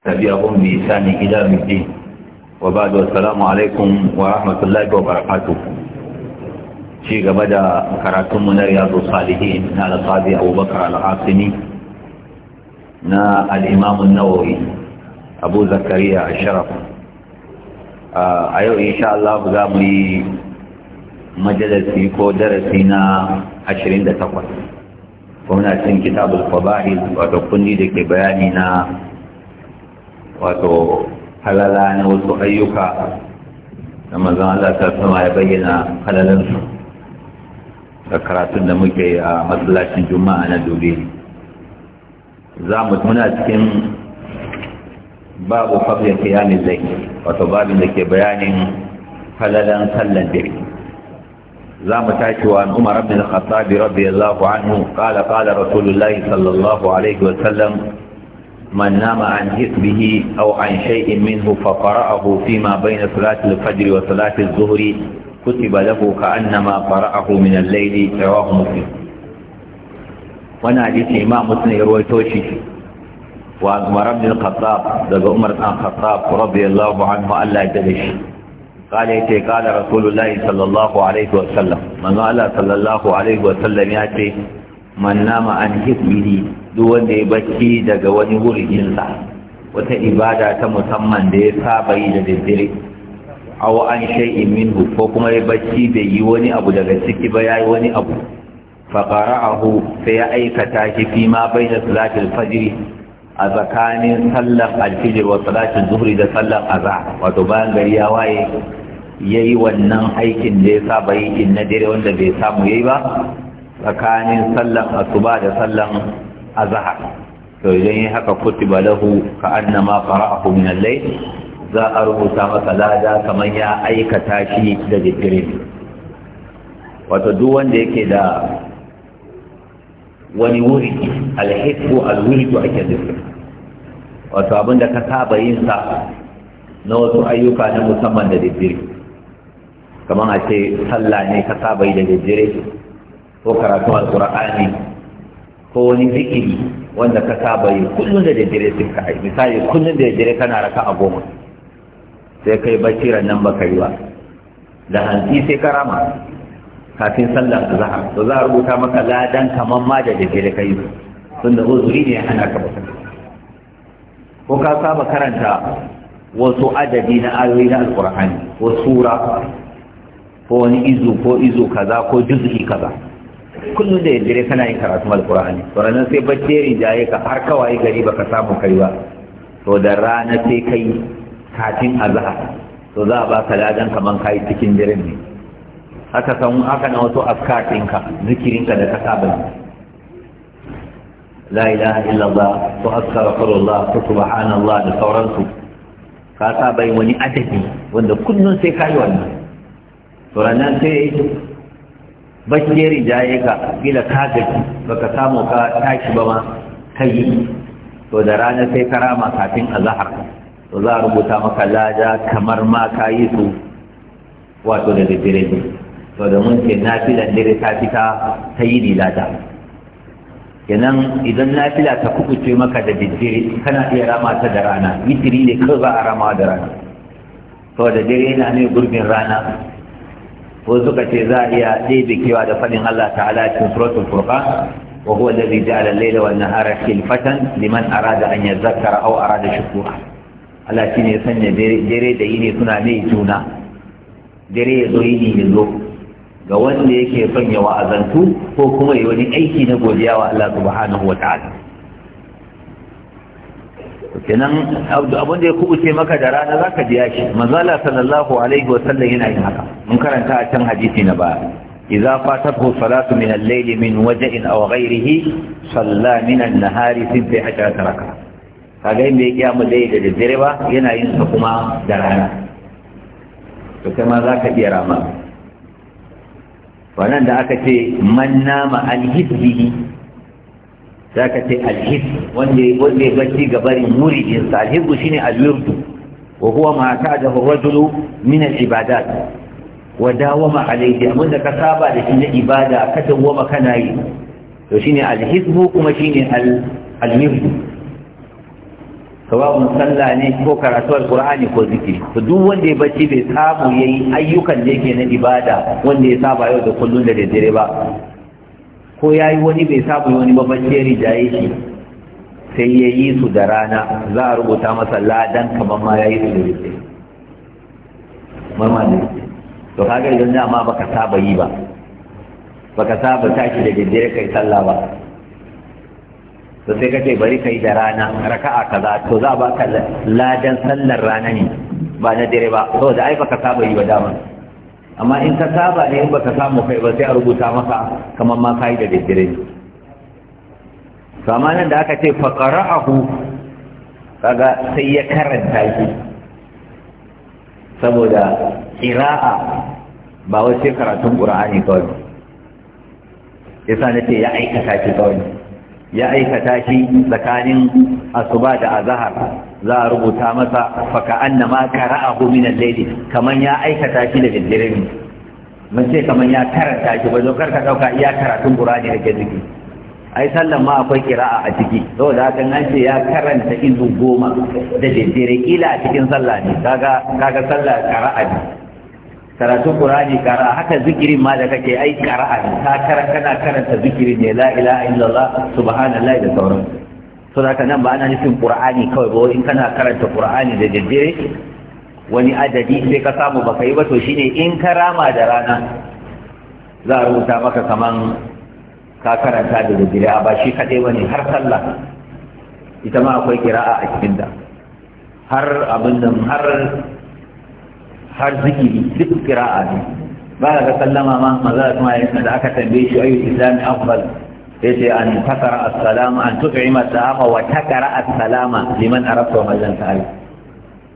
tabi abu mi sani ila mi di wa ba alaikum wa rahmatullahi wa barakatu shi gaba da karatunmu mu na riyadu salihi na alƙazi Abubakar bakar al'asini na al'imamu nawori abu zakariya a sharaf a yau in sha Allah bu za mu yi majalasi ko darasi na ashirin da takwas kuma cin kitabu kwabahi wato kundi da ke bayani na wato halala na wasu ayyuka da mazan Allah ta sama ya bayyana halalansu da karatun da muke a masallacin juma'a na dole. za mu muna cikin babu fafin kiyamin zai wato babin da ke bayanin halalan sallan dare za mu tashi wa umar abin al-khattabi rabbi allahu anhu Kala kala rasulullahi sallallahu alaihi wa sallam من نام عن جسمه أو عن شيء منه فقرأه فيما بين صلاة الفجر وصلاة الظهر كتب له كأنما قرأه من الليل رواه مسلم وانا حديث إمام مسلم يروي توشي وعن عمر بن الخطاب ذو عمر بن الخطاب رضي الله عنه ألا يدلش قال يتي قال رسول الله صلى الله عليه وسلم من قال صلى الله عليه وسلم يأتي man nama an hikmiri duk wanda ya bacci daga wani wurinsa wata ibada ta musamman da ya saba yi da daddare aw an shay'in minhu ko kuma ya bacci bai yi wani abu daga ciki ba yayi wani abu fa qara'ahu sai ya aikata shi fi ma baina salatil fajr a tsakanin sallar alfijir wa salatin zuhri da sallar azhar wato bayan gari ya waye yayi wannan aikin da ya saba yi in na dare wanda bai samu yayi ba tsakanin sallan asuba da sallan azhar to idan yi haka kutiba lahu ka annama qara'ahu min al-layl za a rubuta masa lada kamar ya aikata shi da jikirin wato duk wanda yake da wani wuri alhifu alwuridu ake zikir wato abinda ka saba yin sa na wasu ayyuka na musamman da jikirin kamar a ce sallah ne ka saba yi da jikirin ko karatun alkur'ani ko wani zikiri wanda ka saba yi kullum da daddare sai ka yi misali kullum da daddare kana raka a goma sai kai bacci nan baka yi ba da hanzi sai ka rama kafin sallar zahar. to za a rubuta maka ladan kaman ma da yi kai da uzuri ne hana ka baka ko ka saba karanta wasu adadi na ayoyi na alkur'ani ko sura ko wani izu ko izu kaza ko juz'i kaza kullum da yaddare kana yin karatun alkur'ani to ranar sai bacci ya rinjaye ka har kawai gari baka samu kai ba to da rana sai kai kafin azhar to za a ka ladan kaman kai cikin daren ne haka san haka na wasu askar ɗinka zikirinka da ka saba la ilaha illallah to astaghfirullah to subhanallah da sauransu ka saba yin wani adabi wanda kullum sai kai wannan to sai bashi ya rijaye ka kila ka gaji baka samu ka tashi ba ma kai to da rana sai ka rama kafin azahar to za a rubuta maka laja kamar ma ka yi su wato da dare ne to da mun ce nafilan dare ta fita ta yi ni lada kenan idan nafila ta kukuce maka da dare kana iya rama ta da rana witiri ne kawai za a rama da rana to da dare yana ne gurbin rana ko suka ce za a iya ɗebe kewa da faɗin Allah ta'ala cikin suratul furqan wa huwa alladhi ja'ala al-layla wan nahara khilfatan liman arada an yadhakkara aw arada shukura Allah shine sanya dare da yini suna ne juna dare ya zo yini ya zo ga wanda yake son ya wa'azantu ko kuma yi wani aiki na godiya wa Allah subhanahu wa ta'ala kenan abin da ya kubuce maka da rana za ka biya shi manzala sallallahu alaihi wasallam yana yin haka mun karanta a can hadisi na baya idza fatathu salatu min al-layl min waj'in aw ghayrihi salla min an-nahari fi bi'ata raka kaga inda ya kiyama dai da dare ba yana yin sa kuma da rana to kai ma za ka iya rama wannan da aka ce man nama an hizbihi za ka ce alhib wanda ya bacci ga barin muridinsa alhibu shine alwirdu wa huwa ma da rajulu min al-ibadat wa dawama alayhi da ka saba da shi na ibada ka dawama kana yi to shine alhizbu kuma shine al alwirdu sawabun sallah ne ko karatu alqur'ani ko zikiri to duk wanda ya bacci bai samu yayi ayyukan da yake na ibada wanda ya saba yau da kullun da daddare ba ko ya yi wani bai sabu wani ba bace rijaye shi sai ya yi su da rana za a rubuta masa ladan kamar ma ya yi su da rufe ne to kaga idan dama baka saba yi ba baka saba tashi da daddare kai sallah ba to sai kace bari kai da rana raka'a kaza to za ba ka ladan sallar rana ne ba na dare ba saboda ai baka saba yi ba dama amma in ka saba ne in ba ka samu kai ba sai a rubuta maka kamar ma kai da daddare kama nan da aka ce faqara'ahu kaga sai ya karanta shi saboda qira'a ba wai sai karatun qur'ani kawai yasa ya aikata shi kawai ya aikata shi tsakanin asuba da azhar za a rubuta masa faka annama qara'ahu min al-layl kaman ya aikata shi da daddare ne mun ce kaman ya karanta shi ba zo karka dauka iya karatun qur'ani da gaske ai sallan ma akwai qira'a a ciki saboda hakan an ce ya karanta izu goma da daddare ila a cikin sallah ne kaga kaga sallah qira'a ne karatun qur'ani qira'a haka zikirin ma da kake ai qira'a ne ka karanta kana karanta zikirin ne la ilaha illallah subhanallahi da sauransu so da nan ba ana nufin ƙur'ani kawai ba in kana karanta qur'ani da daddare wani adadi sai ka samu baka yi ba to shine in ka rama da rana za a rubuta maka kaman ka karanta da daddare a ba shi kadai bane har sallah ita ma akwai kira'a a cikin da har abin nan har har zikiri duk kira'a ne ba ga sallama ma maza da kuma da aka tambaye shi ayyukan islami afdal ce an takara assalama an tut'ima sahaba wa takara assalama liman arabta wa man ta'ala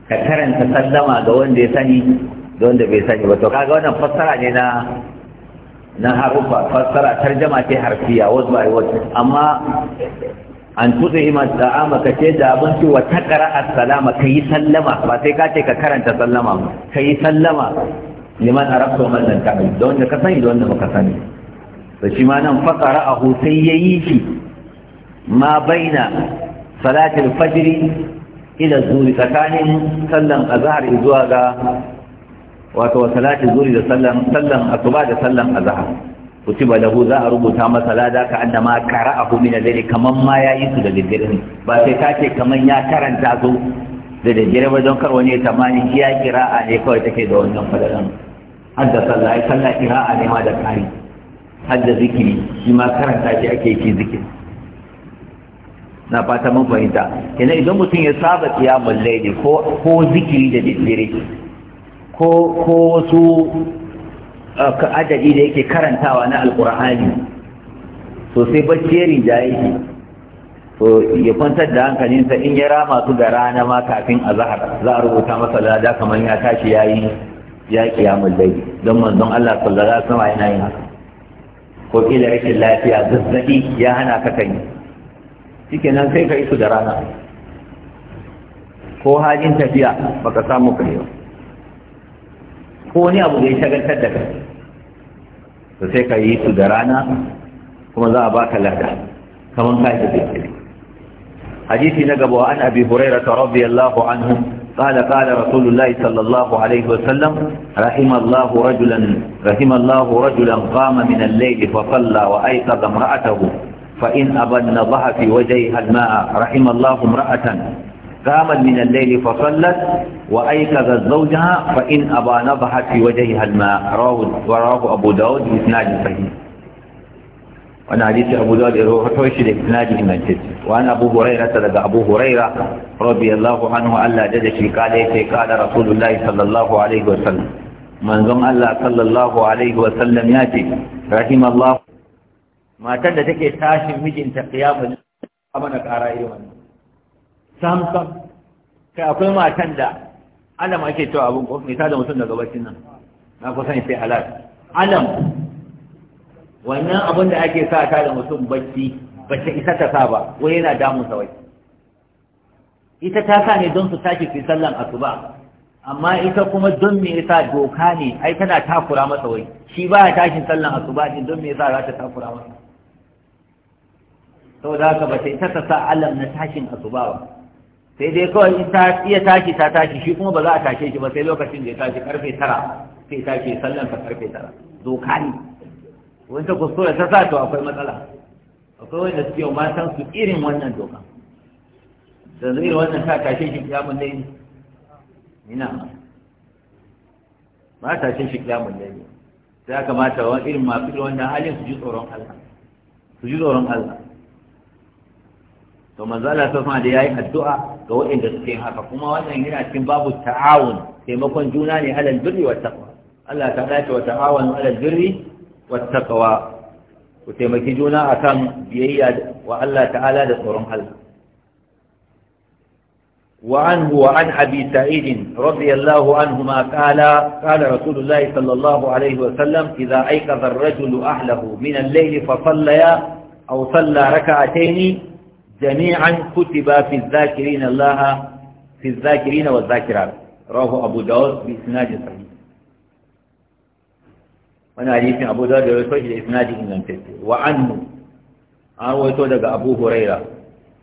ka karanta sallama ga wanda ya sani da wanda bai sani ba to kaga wannan fassara ne na na harufa fassara tarjama ce harfiya wasu by word amma an tuɗe ima da'ama ka ce da abinci wa takara assalama ka yi sallama ba sai ka ce ka karanta sallama ka yi sallama liman arabta wa man lam da wanda ka sani da wanda ka sani da shi ma nan faƙara a sai ya yi shi ma baina salatin fajiri ila zuri tsakanin sallan azhar zuwa ga wato wa salatin zuri da sallan sallan asuba da sallan azhar kutiba lahu za a rubuta masa lada ka annama qara'ahu min al-layli kaman ma yayi su da daddare ba sai ka ce kaman ya karanta su da daddare ba don kar wani ya tamani shi ya kira'a ne kawai take da wannan fadalan hadda sallah ai sallah kira'a ne ma da kari hadda zikiri shi ma karanta shi ake yi zikiri na fata mun fahimta kenan idan mutum ya saba qiyamul layli ko ko zikiri da dindire ko ko wasu ah, adadi da yake karantawa na alqur'ani to sai bacci ya rinjaye yake to ya kwantar da hankalinsa in ya rama su da rana ma kafin azhar za a rubuta masa lada kamar ya tashi yayi ya qiyamul layli don manzon Allah sallallahu alaihi wasallam yana yin haka ko kila rashin lafiya zazzabi ya hana ka kan yi shike nan sai ka isu da rana ko halin tafiya baka samu kai ko wani abu da ya shagaltar da kai to sai ka yi su da rana kuma za a baka lada kamar ka yi da hadisi na gaba an abi hurairah radiyallahu anhu قال قال رسول الله صلى الله عليه وسلم رحم الله رجلا رحم الله رجلا قام من الليل فصلى وأيقظ امرأته فإن أبى النضح في وجهها الماء رحم الله امرأة قامت من الليل فصلت وأيقظت زوجها فإن أبى نضحت في وجهها الماء رواه أبو داود بإسناد صحيح wani hadisi abu da ya rawaito shi da isnadi ingantacce wa an abu huraira daga abu huraira radiyallahu anhu Allah da shi kala kala rasulullahi sallallahu alaihi wa sallam manzon Allah sallallahu alaihi wa sallam ya ce rahimallahu matar da take tashin mijinta kiyamul amana kara irin wannan sam kai akwai matan da alam ake cewa abun ko misali mutum daga bacin nan na kusan alam wannan abin da ake sa ta da mutum bacci ba ta isa ta sa ba wai yana damun sa wai ita ta sa ne don su tashi fi sallan asuba amma ita kuma don me yasa doka ne ai tana takura masa wai shi ba ya tashin sallan asuba din don me yasa za ta takura masa saboda haka ba ta ita ta sa alam na tashin asuba ba sai dai kawai in ta iya tashi ta tashi shi kuma ba za a tashe shi ba sai lokacin da ya tashi karfe tara sai tashi sallan ka karfe tara doka ne wanda kuskure ta sa to akwai matsala akwai wanda suke yau matan su irin wannan doka da zai wannan ta tashe shi kiyamun laili ina ba tashe shi kiyamun laili sai aka mata wa irin masu wannan halin su ji tsoron Allah su ji tsoron Allah to manzo Allah sai da yayi addu'a ga waɗanda suke haka kuma wannan yana cikin babu ta'awun taimakon juna ne halal birri wa taqwa Allah ta dace wa ta'awun halal birri wattaqwa ku taimaki juna akan biyayya wa Allah ta'ala da tsoron Allah وعنه وعن أبي سعيد رضي الله عنهما قال قال رسول الله صلى الله عليه وسلم إذا أيقظ الرجل أهله من الليل فصليا أو صلى ركعتين جميعا كتب في الذاكرين الله في الذاكرين والذاكرات رواه أبو داود بإسناد صحيح wani hadisin abu da ya rawaito shi da isnadi ingantacce wa annu an rawaito daga abu huraira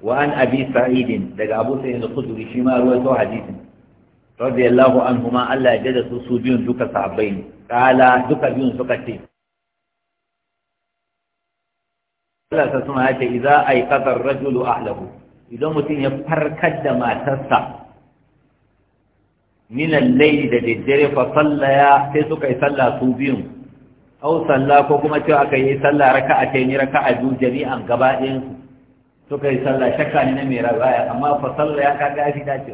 wa an abi sa'idin daga abu sa'idin al-khudri shi ma rawaito hadisin radiyallahu anhuma Allah ya jada su su biyun duka sahabbai ne kala duka biyun suka ce Allah ta suna ya ce a yi ar-rajulu ahlahu idan mutum ya farkar da matarsa min al da daddare fa sallaya sai suka yi sallah su biyun au sallah ko kuma cewa aka yi sallah raka a ce ni a biyu jami'an gaba ɗayan su suka yi sallah shakka ne na mera baya amma fa sallah ya kaga shi dace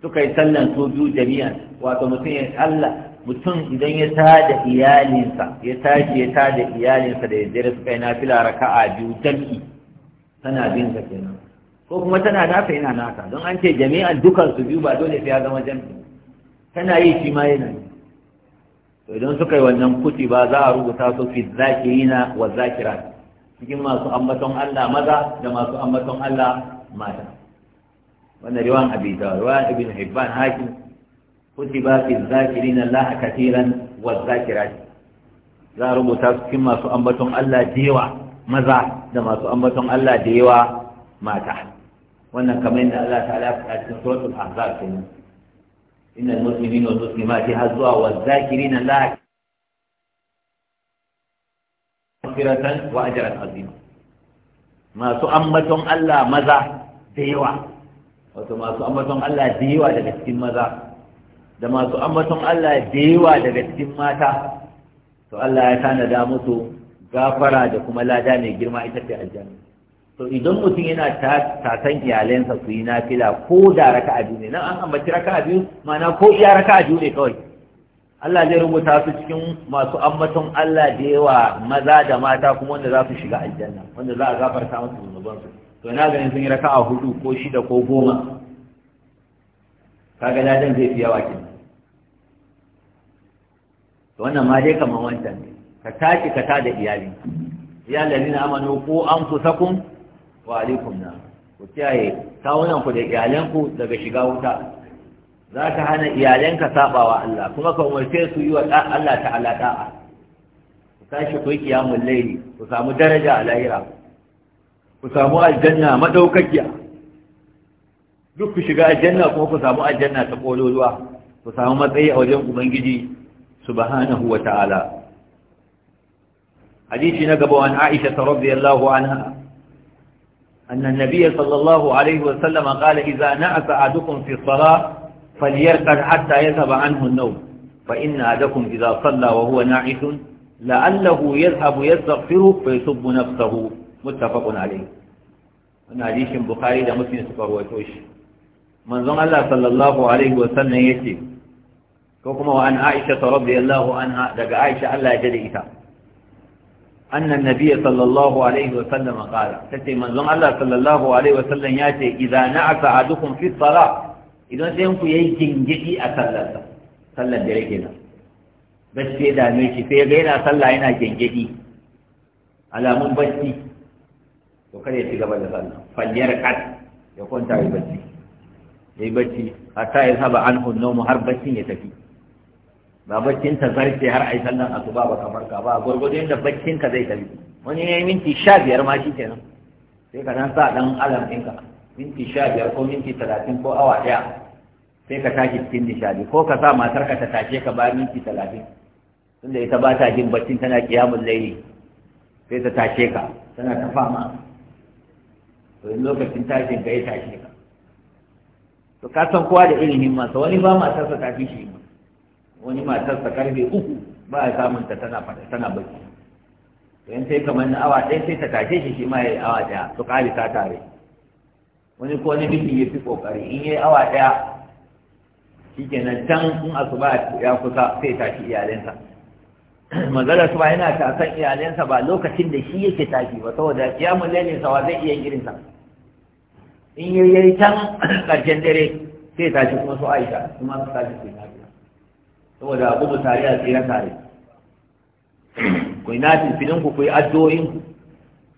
suka yi sallan su biyu jami'an wato mutum ya sallah mutum idan ya tada iyalinsa ya tashi ya tada iyalinsa da yaddare suka yi nafila a biyu jam'i tana bin sa kenan ko kuma tana naka yana naka don an ce jami'an dukan su biyu ba dole sai ya zama jam'i tana yi shi ma yana yi to idan suka yi wannan kuti ba za a rubuta su fi zakirina wa zakirat cikin masu ambaton Allah maza da masu ambaton Allah mata wannan riwan abi da riwan ibn hibban hakim kutiba fi zakirina Allah katiran wa zakirat za a rubuta su cikin masu ambaton Allah da yawa maza da masu ambaton Allah da yawa mata wannan kamar yadda Allah ta ya faɗa cikin suratul ahzab kenan innal muslimina wal muslimati har zuwa wa masu ambaton Allah maza da yawa wato masu Allah da yawa daga cikin maza da masu ambaton Allah da yawa daga cikin mata to Allah ya tanada musu gafara da kuma lada mai girma ita ce aljanna to idan mutum yana tatan iyalensa su yi na fila ko da raka a biyu ne nan an ambaci raka a biyu mana ko iya raka a biyu ne kawai Allah zai rubuta su cikin masu ambaton Allah da yawa maza da mata kuma wanda za su shiga aljanna wanda za a gafarta musu su. to ina ganin sun yi raka a hudu ko shida ko goma kaga ladan zai fi yawa kin to wannan ma dai kamar wancan ne ka tashi ka tada iyali ya lalina amanu ko an fusakun wa alaikum na ku kiyaye kawunan ku da iyalanku daga shiga wuta za ka hana iyalanka sabawa Allah kuma ka umarce su yi wa Allah ta'ala da'a ku tashi ku yi kiyamun laili ku samu daraja a lahira ku samu aljanna madaukakiya duk ku shiga aljanna kuma ku samu aljanna ta kololuwa ku samu matsayi a wajen ubangiji subhanahu wa ta'ala hadisi na gaba an aisha radiyallahu anha أن النبي صلى الله عليه وسلم قال إذا نأس أحدكم في الصلاة فليركض حتى يذهب عنه النوم فإن أحدكم إذا صلى وهو ناعس لعله يذهب يستغفره فيسب نفسه متفق عليه wannan hadisin bukhari da muslim suka rawaito shi manzon Allah sallallahu alaihi wa sallam yace ko kuma an aisha radiyallahu anha daga aisha Allah ya ita annan nabiya sallallahu alaihi wasallam qala tace manzon Allah sallallahu alaihi wasallam ya ce idza na'aka adukum fi salat idan sai ku yayi gingidi a sallar da yake nan bacci da dame shi sai ga yana sallah yana gingidi alamun bacci to kada ya ci gaba da sallah falliyar kad ya kwanta yi bacci yayi bacci ya saba har baccin ya tafi ba bakin ta zarce har ai sallan asuba ba kamar ka ba gurgudu yadda bakin ka zai tafi wani ne minti sha biyar ma shi kenan sai ka dan sa dan alam ɗinka minti sha biyar ko minti talatin ko awa ɗaya sai ka tashi cikin nishadi ko ka sa matar ka ta tashe ka ba minti talatin tunda ita ba ta jin baccin tana kiyamun laili sai ta tashe ka tana ta fama to in lokacin tashin ka ya tashe ka to ka san kowa da irin masa wani ba matarsa ta fi shi wani matarsa karfe uku ba a samun ta tana fada tana bacci in sai kamar na awa ɗaya sai ta tashe shi shi ma yayi awa ɗaya to ƙari ta tare wani ko wani biki ya fi ƙoƙari in ya yi awa ɗaya shi kenan can in asuba ya kusa sai tashi iyalinsa manzalar su ba yana tasan iyalinsa ba lokacin da shi yake tafi ba saboda ya kiyamun ne sawa zai iya girinsa in yi yayi can ƙarshen dare sai tashi kuma su aisha kuma su tashi su yi saboda abu mu tare a tsira tare ku yi nafin filin ku ku yi addu'o'in ku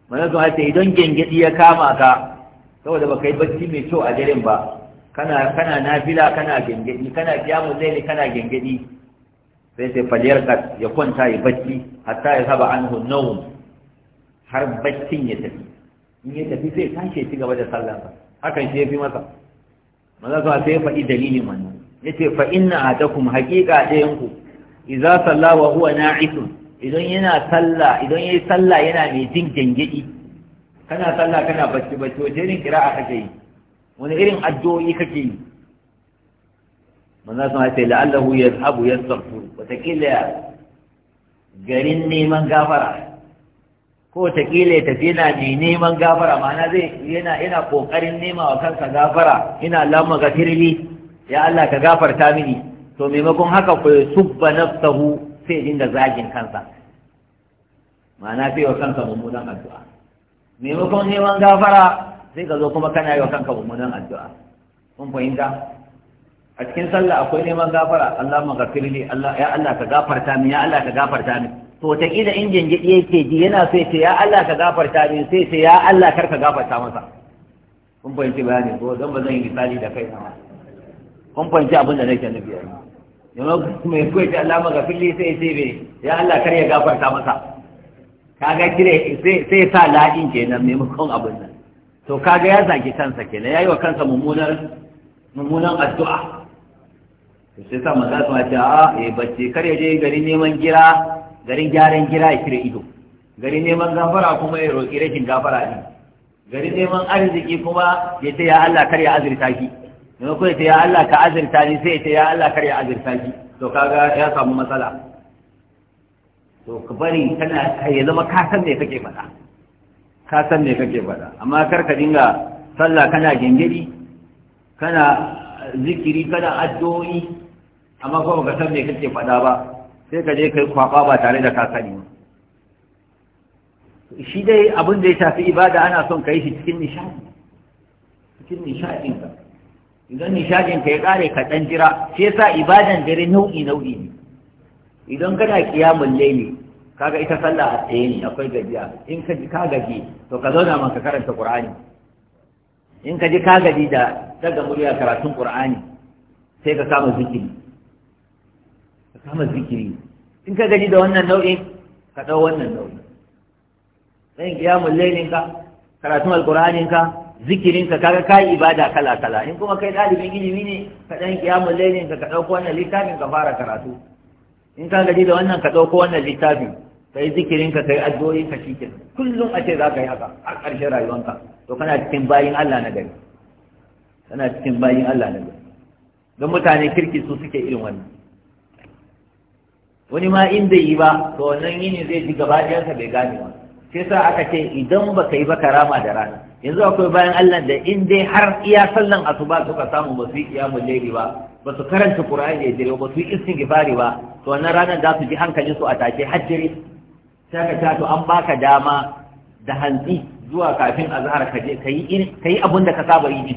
mana zuwa ta idan gengedi ya kama ka saboda baka yi bacci mai kyau a daren ba kana kana nafila kana gengedi kana kiyamu ne kana gengedi sai sai faliyar ka ya kwanta ya bacci hatta ya saba an hunnawun har baccin ya tafi in ya tafi sai tashi ya ci gaba da sallah hakan shi ya fi masa maza zuwa sai ya faɗi dalilin wannan ce fa inna adakum haqiqa dayan ku Iza salla wa huwa na idan yana salla idan yayi salla yana mai jin gengedi kana sallah kana bacci bacci wace irin kira'a kake yi wani irin addu'o'i kake yi manzo sun ce la'allahu ya yadhhabu yastaghfir watakila garin neman gafara ko watakila ya tafi yana mai neman gafara ma'ana zai yana yana kokarin nema wa kansa gafara yana lamma gafirli ya Allah ka gafarta mini to maimakon haka ku subba nafsahu sai dinga zagin kansa ma'ana sai wa kanka mummunan addu'a maimakon neman gafara sai ka zo kuma kana yi wa kanka mummunan addu'a kun fahimta a cikin sallah akwai neman gafara Allah magafirli Allah ya Allah ka gafarta min ya Allah ka gafarta min to ta kida in jinjidi yake ji yana so ce ya Allah ka gafarta min sai ce ya Allah kar ka gafarta masa kun fahimci bayani ko zan ba zan yi misali da kai na kun fahimci abin da nake nufi a yi. mai kuwa ta Allah maka fili sai sai bai ya Allah kar ya gafarta masa Ka ga kire sai sa ladin kenan maimakon abin nan to ka ga ya zaki kansa kenan yi wa kansa mummunar mummunan addu'a to sai sa maza su ce a eh bacci kar ya je garin neman gira garin gyaran gira ya kire ido garin neman gafara kuma ya roƙi rashin gafara ne garin neman arziki kuma ya ce ya Allah kar ya azurta ki yanzu ko ya ce ya Allah ka azirta ni sai ya ce ya Allah kar ya azirta shi to kaga ya samu matsala to ka bari kana ya zama ka san me kake faɗa ka san me kake faɗa amma kar ka dinga sallah kana gingiri kana zikiri kana addu'o'i amma kuma ka san me kake faɗa ba sai ka je kai kwaba ba tare da ka sani ba shi dai abin da ya shafi ibada ana son ka yi shi cikin nishadi cikin nishadin ka idan nishadin ka ya kare ka dan jira shi yasa ibadan dare nau'i nau'i ne idan kana kiyamul laili kaga ita sallah a tsaye ne akwai gajiya in ka ji ka gaji to ka zauna maka karanta qur'ani in ka ji ka gaji da daga murya karatun qur'ani sai ka kama zikiri ka samu zikiri in ka gaji da wannan nau'in ka ɗau wannan nau'in sai kiyamul laylin ka karatun alqur'anin ka zikirinka kaga ka yi ibada kala kala in kuma kai ɗalibin ilimi ne ka ɗan kiyamun lailin ka ka ɗauko wannan littafin ka fara karatu in ka gaji da wannan ka ɗauko wannan littafin ka yi zikirinka ka yi addu'o'in ka cikin kullum a ce za ka yi haka a ƙarshen rayuwanka to kana cikin bayin Allah na gari kana cikin bayin Allah na gari don mutane kirki su suke irin wannan wani ma in bai yi ba to wannan yini zai ji gaba ɗayansa bai gane ba sai sa aka ce idan ba ka yi ba karama da rana yanzu akwai bayan Allah da in dai har iya sallan asuba suka samu ba su yi kiyamul laili ba ba su karanta qur'ani da dare ba su yi istighfari ba to wannan ranar za su ji hankalin su a take hajjiri sai ka ta to an baka dama da hantsi zuwa kafin azhar ka je kai kai kayi abin da ka saba yi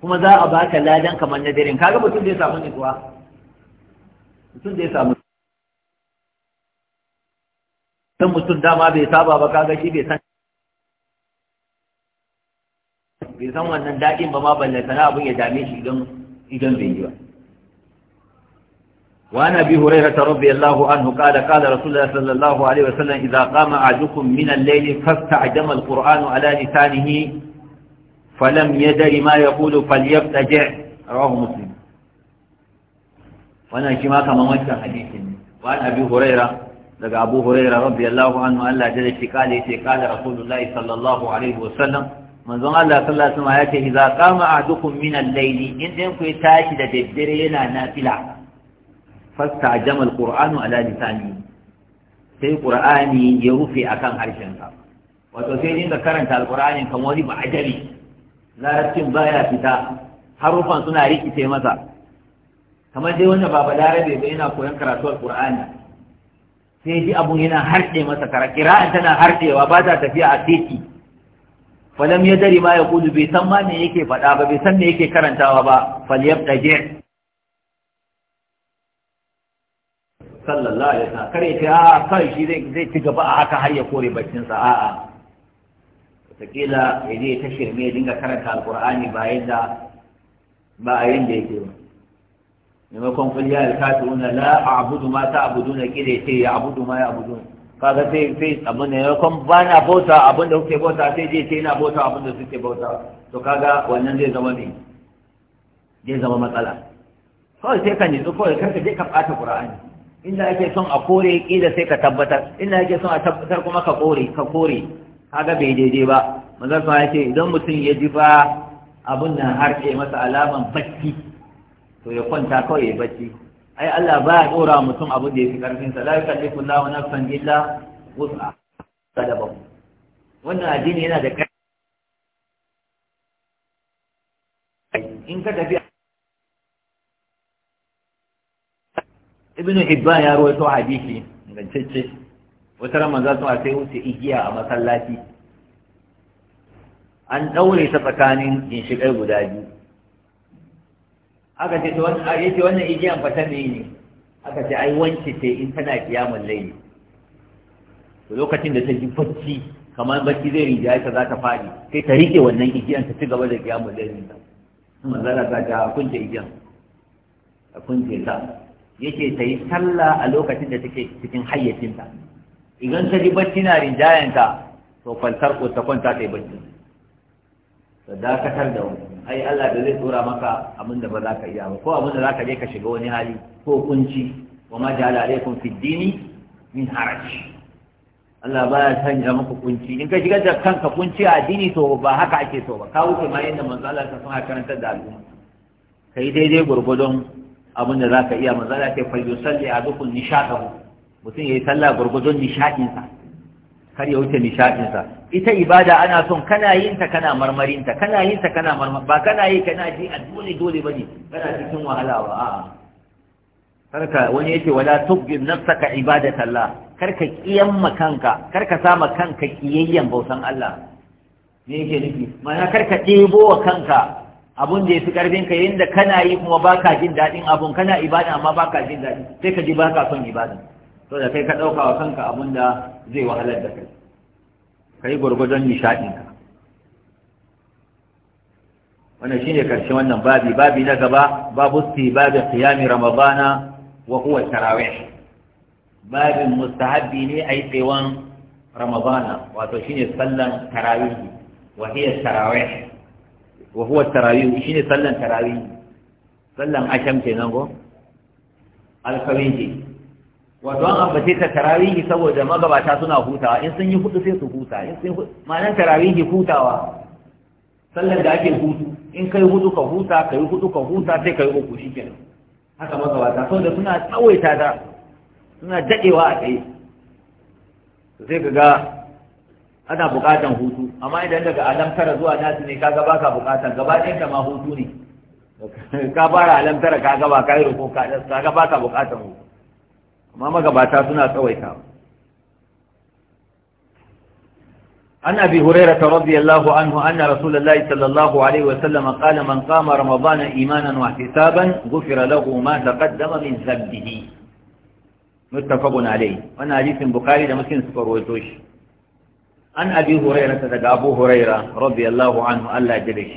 kuma za a baka ladan kamar na dare kaga mutum zai samu nutsuwa mutum zai samu dan mutum dama bai saba ba kaga shi bai san bai san wannan daɗin ba ma ballantana abin ya dame shi idan idan bai yi ba وعن ابي هريره رضي الله عنه قال قال رسول الله صلى الله عليه وسلم اذا قام احدكم من الليل فاستعجم القران على لسانه فلم يدر ما يقول فليبتجع رواه مسلم wannan shi ma kamar wancan hadisin wa ana bi huraira daga abu huraira radiyallahu anhu Allah jalla shi kale yace kala rasulullahi sallallahu alaihi wasallam manzon Allah sallallahu alaihi wasallam ya ce idza qama ahdukum min al-layli in dan ku tashi da daddare yana nafila fastajama al-qur'anu ala lisani sai qur'ani ya rufe akan harshenka wato sai dinga karanta al-qur'ani kamar wani ba'ajali larabcin baya fita harufan suna rikice masa kamar dai wanda baba larabe bai yana koyon karatu al-qur'ani sai ji abun yana harɗe masa kara tana hardewa ba ta tafiya a titi falam ya dari ma ya kudu bai san ma ne yake faɗa ba bai san me yake karantawa ba falyab daje sallallahu alaihi wasallam kare ta a kai shi zai zai ci gaba a haka har ya kore baccin sa a'a Wataƙila ya je ta shirme ya dinga karanta alqur'ani ba yadda ba a yanda yake ba maimakon kulliya alkafiruna la a'budu ma ta ta'buduna kile ce ya abudu ma ya abuduna kaga sai sai abin da ko ba na bota abin da kuke bota, sai je sai na bota abin da suke bota, to kaga wannan zai zama ne zai zama matsala kawai sai ka nitsu kawai karka je ka ɓata qur'ani inda ake son a kore kila sai ka tabbatar inda ake son a tabbatar kuma ka kore ka kore kaga bai daidai ba manzon sai ya ce idan mutum ya ji ba abin nan har ke masa alaman bacci to ya kwanta kawai ya bacci ai Allah ba ya dora mutum abu da yake karfin sa la yukallifu Allahu nafsan illa wus'a talaba wannan addini yana da kai in ka tafi ibnu Hibban ya rawaito hadisi gancacce wata ran manzo sai wuce igiya a masallaci an daure ta tsakanin ginshikai guda biyu aka ce to yace wannan igiyan fata ne ne aka ce ai wance ce in tana kiyamul layli to lokacin da ta ji bacci kamar bacci zai rija ta za ta fadi sai ta rike wannan igiyan ta ci gaba da kiyamul layli manzala ta ta kunce igiyan a kunce ta yake ta yi sallah a lokacin da take cikin hayyacinta idan ta ji bacci na rinjayanta to kwantar ko ta kwanta ta yi bacci ta dakatar da wani ai Allah da zai tsora maka abin da ba za ka iya ba ko abin da za ka je ka shiga wani hali ko kunci wa ma ja'ala alaikum fid dini min haraj Allah baya sanya maka kunci in ka shiga da kanka kunci a addini to ba haka ake so ba ka wuce ma yanda manzo Allah ta sama karantar da al'umma kai daidai gurgudun abin da za ka iya manzo Allah ta fayyusalli adukum nishaqahu mutum yayi sallah gurgudun nishaqinsa Har ya wuce nishaɗinsa ita ibada ana son kana yin ta kana marmarinta kana yin ta kana marmar ba kana yi kana ji a dole dole ba ne kana cikin wahala ba a'a karka wani yake wala tubgin nafsaka ibadatallah karka ma kanka karka sama kanka kiyayyan bautan Allah me yake nufi ma'ana karka ɗebo wa kanka abun da ya fi karfin ka yayin da kana yi kuma baka jin daɗin abun kana ibada amma baka jin daɗi sai ka ji baka son ibada so da kai ka ɗauka wa kanka abin da zai wahalar da kai ka yi gwargwadon nishaɗinka wannan shi ne karshe wannan babi babi na gaba babu sti babi qiyami ramadana wa huwa tarawih babin mustahabbi ne a yi tsewon ramadana wato shi ne sallan tarawih wa hiya tarawih wa huwa tarawih shi ne sallan tarawih sallan asham kenan go alkawin wato an ambace ta tarawihi saboda magabata suna hutawa in sun yi hudu sai su huta in sun ma'anar tarawihi hutawa sallar da ake hutu in kai hudu ka huta kai hudu ka huta sai kai uku shikenan haka magabata saboda suna tsawaita ta suna dadewa a tsaye sai ka ga ana bukatan hutu amma idan daga alam tara zuwa nasu ne kaga baka bukatan gaba ɗayan ma hutu ne ka fara alam tara kaga ba kai ka ga baka bukatan hutu amma magabata suna tsawaita عن أبي هريرة رضي الله عنه أن رسول الله صلى الله عليه وسلم قال من قام رمضان إيمانا واحتسابا غفر له ما تقدم من ذنبه متفق عليه وأنا حديث البخاري ده مسكين سفر ويتوش عن أبي هريرة تدق أبو هريرة رضي الله عنه ألا جلش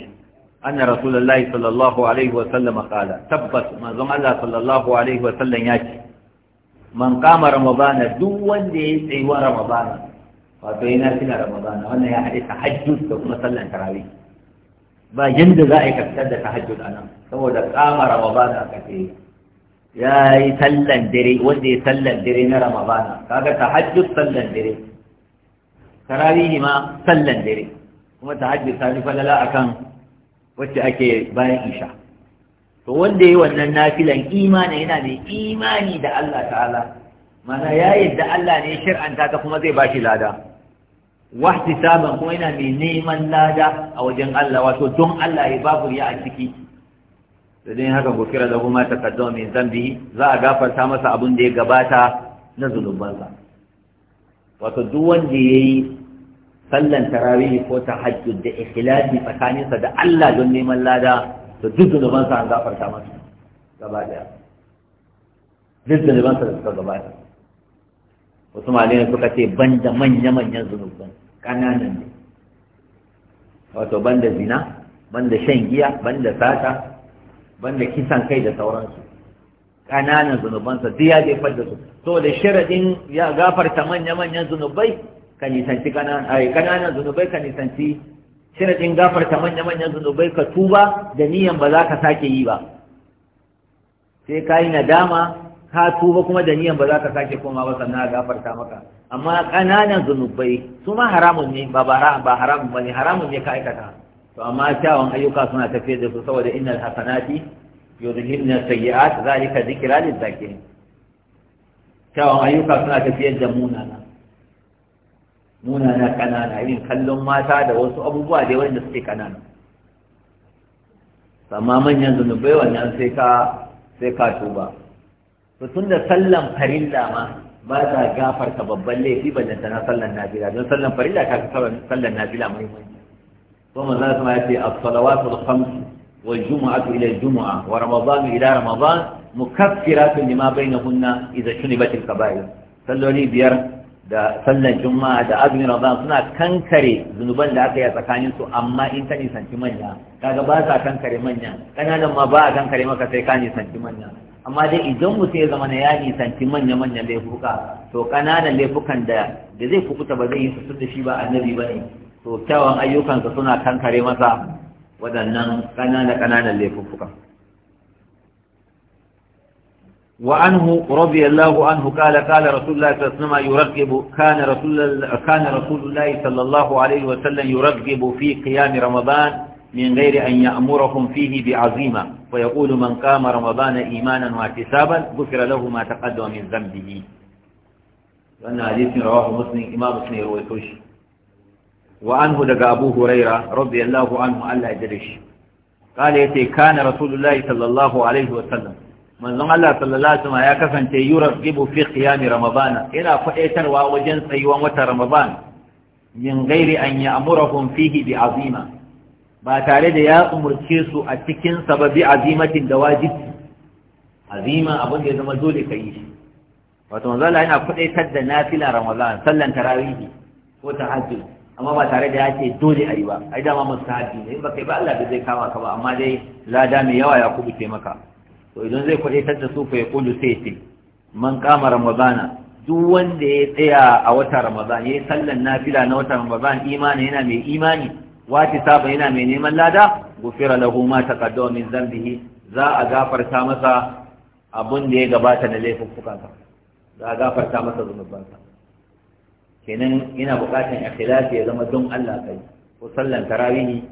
أن رسول الله صلى الله عليه وسلم قال تبت ما زم الله صلى الله عليه وسلم ياتي man kama ramadana duk wanda ya yi tsayuwa ramadana wato yana tuna ramadana wannan ya haɗe tahajjud da kuma sallan tarawih ba yanda za a yi kaftar da tahajjud a nan saboda kama ramadana ka ce ya yi sallan dare wanda ya sallan dare na ramadana kaga tahajjud sallan dare tarawih ma sallan dare kuma tahajjud ta fi falala akan wacce ake bayan isha to wanda yi wannan nafilan imani yana mai imani da Allah ta'ala mana ya da Allah ne shir'anta ta kuma zai bashi lada wahti saban kuma yana mai neman lada a wajen Allah wato don Allah ya babu ya a ciki da dai haka kira da kuma ta kaddama mai zambi za a gafarta masa abin da ya gabata na zunubansa wato duk wanda ya yi sallan tarawih ko tahajjud da ikhlasi tsakaninsa da Allah don neman lada to duk sa an gafarta masa gaba daya duk zunubansa da suka gabata wasu malamai suka ce ban da manya-manyan zunuban ƙananan ne wato ban da zina ban da shan giya ban da sata ban da kisan kai da sauransu ƙananan zunubansa duk ya je fadda su to da sharadin ya gafarta manya-manyan zunubai ka nisanci ƙananan zunubai ka nisanci shirin gafarta manya-manyan zunubai ka tuba da niyan ba za ka sake yi ba sai ka yi nadama ka tuba kuma da niyan ba za ka sake koma ba sannan a gafarta maka amma ƙananan zunubai su ma haramun ne ba ba haramun ba ne haramun ne ka aikata to amma kyawun ayyuka suna tafiya da su saboda innal hasanati yudhibna sayyi'at zalika dhikra lil zakirin kyawun ayyuka suna tafiya da munana na kanana yin kallon mata da wasu abubuwa da wanda suke kanana amma manyan zunubai wannan sai ka sai ka tuba to tun da sallan farilla ma ba za gafarta babban laifi da na sallan nafila don sallan farilla ta ka sallan nafila muhimmanci to manzo sama ya ce as al khams al jumu'atu ila al-jumu'a wa ramadan ila ramadan mukaffiratun lima bainahunna idza shunibat al-kaba'ir salloli biyar da sallan juma'a da azumin ramadan suna kankare zunuban da aka yi a tsakanin su amma in ka nisanci manya kaga ba sa kankare manya kananan ma ba a kankare maka sai ka nisanci manya amma dai idan mutum ya zama na ya nisanci manya manyan laifuka to kananan laifukan da da zai kukuta ba zai yi su da shi ba annabi ba ne to kyawun ayyukansa suna kankare masa waɗannan ƙananan ƙananan laifuka وعنه رضي الله عنه قال قال رسول الله صلى الله عليه وسلم يرغب كان رسول كان رسول الله صلى الله عليه وسلم يرغب في قيام رمضان من غير أن يأمرهم فيه بعظيمه ويقول من قام رمضان إيمانا واحتسابا غفر له ما تقدم من ذنبه وأن حديث رواه مسلم إمام مسلم رويتوش وعنه دقى أبو هريرة رضي الله عنه الله يدرش قال يتي كان رسول الله صلى الله عليه وسلم manzon Allah sallallahu alaihi wasallam ya kasance yuraqibu fi qiyam ramadana yana fadaitarwa wajen tsayuwan wata ramadan min ghairi an ya'murahum fihi bi azima ba tare da ya umurce su a cikin sababi azimatin da wajibi azima abin da ya zama dole ka yi shi wato manzon Allah yana fadaitar da nafila ramadan sallan tarawih ko tahajjud amma ba tare da ya ce dole a yi ba ai dama mustahabi ne in baka yi ba Allah da zai kama ka ba amma dai lada mai yawa ya kubuce maka to idan zai kwadaitar da su fa ya kulu sai ce man kama ramadana duk wanda ya tsaya a wata ramadan ya yi sallan nafila na wata ramadan imani yana mai imani wati saba yana mai neman lada gufira lahu ma taqaddama min zambihi za a gafarta masa abun da ya gabata da laifuffukansa za a gafarta masa zunubansa kenan ina bukatan ikhlasi ya zama don Allah kai ko sallan tarawihi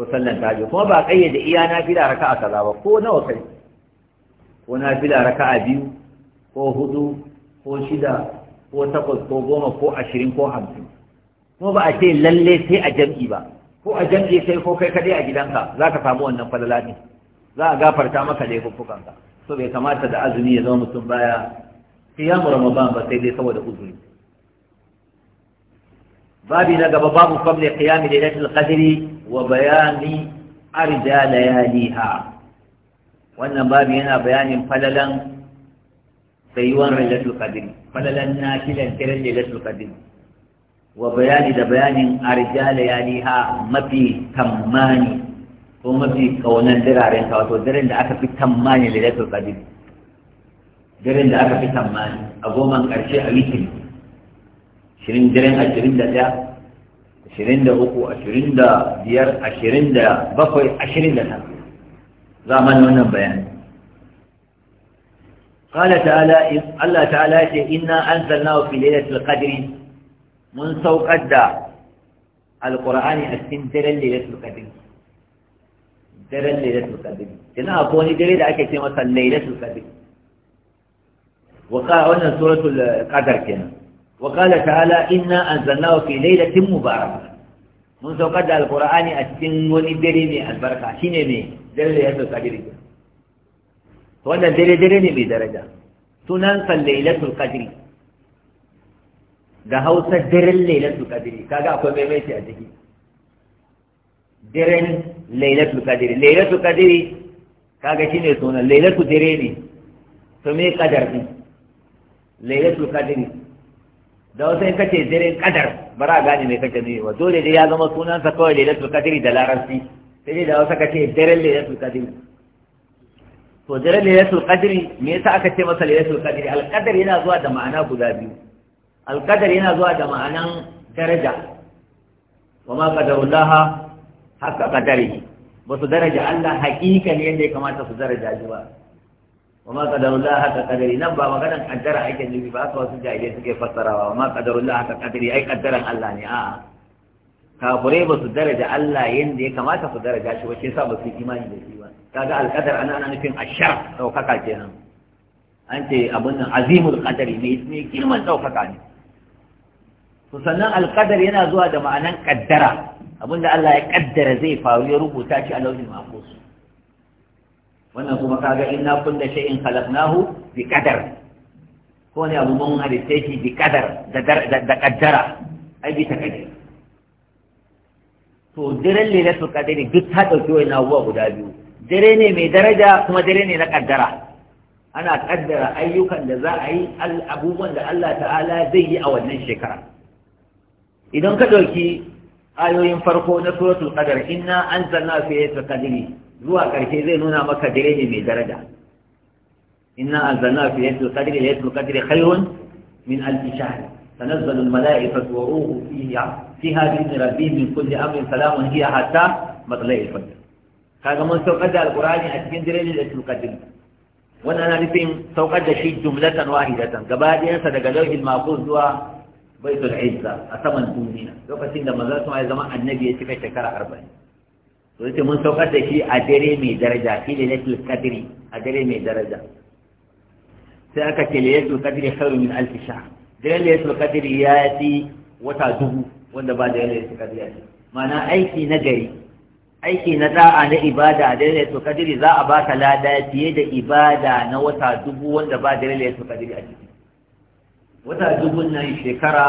ko sallan tahajjud kuma ba kayyade iya nafila raka'a kaza ba ko nawa kai ko nafila raka'a biyu ko hudu ko shida ko takwas ko goma ko ashirin ko hamsin kuma ba a ce lalle sai a jam'i ba ko a jam'i sai ko kai kaɗai a gidanka za ka samu wannan falala ne za a gafarta maka ka. so bai kamata da azumi ya zama mutum baya Sai ba قيام رمضان بسيدي سوى babu بابي نقب باب قبل قيام ليلة wa bayani أرجى لياليها wannan babu yana bayanin falalan tsayuwan lailatul qadr falalan nafilan kiran lailatul qadr wa bayani da bayanin arja layaliha mafi tammani ko mafi kaunan diraren ta wato daren da aka fi tammani lailatul qadr daren da aka fi tammani a goman karshe a wikin shirin daren ashirin da ɗaya ashirin da uku ashirin da biyar ashirin da bakwai ashirin da tara زمان ونن بيان قال تعالى الله تعالى إنا أنزلناه في ليلة القدر من سوق الدا القرآن أستنتر ليلة القدر تر ليلة القدر كنا أقولي دري دعك كما ليلة القدر وقال سورة القدر كنا وقال تعالى إنا أنزلناه في ليلة مباركة من سوق الدا القرآن أستنتر ليلة القدر jalla yadda qadri to wannan dare dare ne mai daraja sunan sa lailatul qadri da Hausa daren lailatul qadri kaga akwai maimaiti a ciki daren lailatul qadri lailatul qadri kaga shine sunan lailatul dare ne to me qadar din lailatul qadri da wasu in kace daren qadar bara a gane me kake ne ba dole dai ya zama sunansa kawai lailatul qadri da larabci sai da wasu ka ce daren lailatul qadri to daren lailatul qadri me yasa aka ce masa lailatul qadri alqadar yana zuwa da ma'ana guda biyu alqadar yana zuwa da ma'anan daraja wa ma qadarullaha haka qadari ba su daraja Allah hakika ne yadda ya kamata su daraja shi ba wa ma qadarullaha haka qadari nan ba maganar kaddara ake nufi ba haka wasu jahilai suke fassarawa wa ma qadarullaha haka qadari ai kaddaran Allah ne a'a kafirai ba su daraja Allah yadda ya kamata su daraja shi wace sa ba su imani da shi ba kaga alƙadar ana ana nufin ashar ɗaukaka kenan an ce abin nan azimul qadari mai mai girman ɗaukaka ne to sannan alƙadar yana zuwa da ma'anan kaddara abinda Allah ya kaddara zai faru ya rubuta shi a lauhin mahfuz wannan kuma kaga inna kulla shay'in khalaqnahu bi qadar ko ne abu mun halitta shi bi qadar da da kaddara ai bi to daren lailatul qadri duk ta dauki wani abubuwa guda biyu dare ne mai daraja kuma dare ne na kaddara ana kaddara ayyukan da za a yi abubuwan da Allah ta'ala zai yi a wannan shekara idan ka dauki ayoyin farko na suratul qadar inna anzalna fi laylatil qadri zuwa karshe zai nuna maka dare ne mai daraja inna anzalna fi laylatil qadri laylatul qadri khairun min alf shahr تنزل الملائكة وروح فيها فيها بإذن ربهم من كل أمر سلام هي حتى مطلع الفجر هذا من سوقد القرآن أتكين دليل لأسل القدر وانا أنا نفهم سوقد شيء جملة واحدة قبادي صدق دقلوه المعقوز هو بيت العزة أثمن دونينا لو قسين لما ذات معي زمان النبي يتفع شكرا أربعين وانت من سوقد شيء أدري من درجة في ليلة القدر أدري من درجة سأكت ليلة القدر خير من ألف شهر da lailatul qadr ya fi wata dubu wanda ba da lailatul qadr ya ma'ana aiki na gari aiki na da'a na ibada da lailatul qadr za a baka lada fiye da ibada na wata dubu wanda ba da lailatul qadr a ciki wata dubu na shekara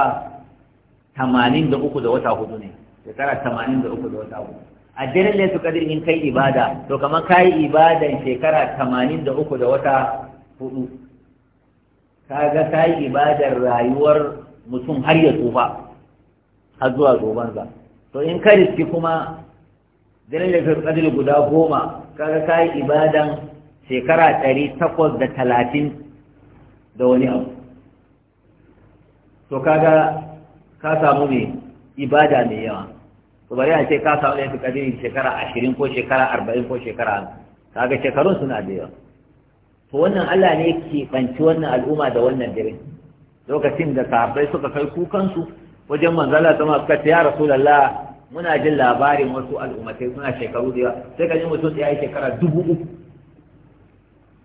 tamanin da uku da wata hudu ne shekara tamanin da uku da wata hudu a daren lailatul qadr in kai ibada to kamar kai ibadan shekara tamanin da uku da wata hudu ga ta yi ibadar rayuwar mutum har ya tsufa har zuwa tsofansa to in ka riski kuma dalilatul qadr guda goma ka ka yi ibadan shekara ɗari takwas da talatin da wani abu to kaga ka samu mai ibada mai yawa to bari a ce ka samu ɗaya kadiri shekara ashirin ko shekara arba'in ko shekara kaga shekarun suna da yawa to wannan Allah ne ke banci wannan al'umma da wannan dare lokacin da sahabbai suka kai kukansu wajen manzala sama suka ce ya rasulullah muna jin labarin wasu al'ummatai suna shekaru da yawa sai ka ji mutum ya yi shekara dubu uku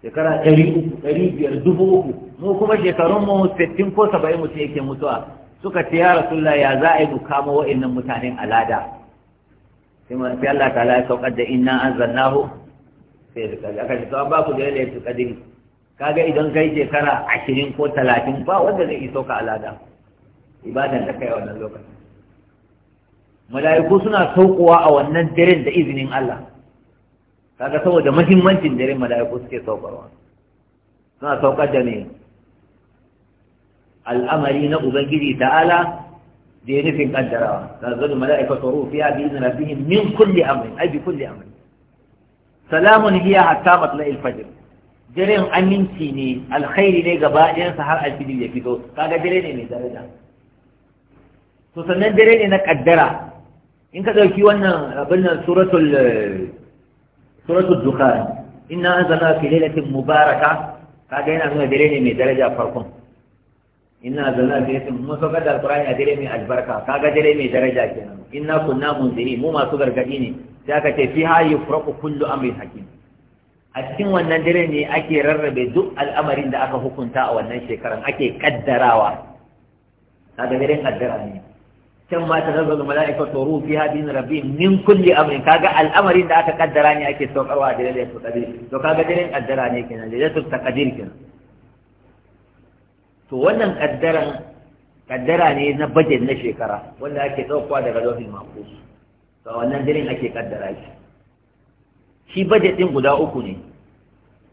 shekara ɗari uku ɗari biyar dubu uku mu kuma shekarun mu sittin ko saba'in mutum yake mutuwa suka ce ya rasulullah ya za a yi mu kama wa'annan mutanen alada sai Allah ta'ala ya saukar da inna anzalnahu sai da kaji aka ce ba ku da yanayin su kadari kaga idan kai shekara ashirin ko talatin ba wanda zai iso ka alada ibadan da kai wannan lokacin mala'iku suna saukowa a wannan daren da izinin Allah kaga saboda mahimmancin daren mala'iku suke saukarwa suna saukar da ne al'amari na ubangiji ta'ala da ya nufin kaddarawa ta zo da mala'ika tsoro fiya bi izinin rabbihim min kulli amrin ai bi kulli amrin salamun hiya hatta matla'il fajr daren aminci ne alkhairi ne gaba ɗayansa har alfijir ya fito kaga dare ne mai daraja to sannan dare ne na kaddara in ka ɗauki wannan abin nan suratul eh, suratul dukhan inna anzalna fi lailatin mubaraka kaga yana nuna dare ne mai daraja farkon inna anzalna fi lailatin mun saukar da alqur'ani a dare mai albarka kaga dare mai daraja kenan inna kunna munziri mu masu gargadi ne sai aka ce fi hayi furaku kullu amrin hakim a cikin wannan dare ne ake rarrabe duk al'amarin da aka hukunta a wannan shekaran ake kaddarawa kaga daren kaddara ne can ma ta zazzalu mala'ika toru fi hadin rabbi min kulli amrin kaga al'amarin da aka kaddara ne ake saukarwa a dare da su kadir to kaga daren kaddara ne kenan da su takadir kenan to wannan kaddaran kaddara ne na bajet na shekara wanda ake daukowa daga lofin makus to wannan daren ake kaddara shi shi bajet din guda uku ne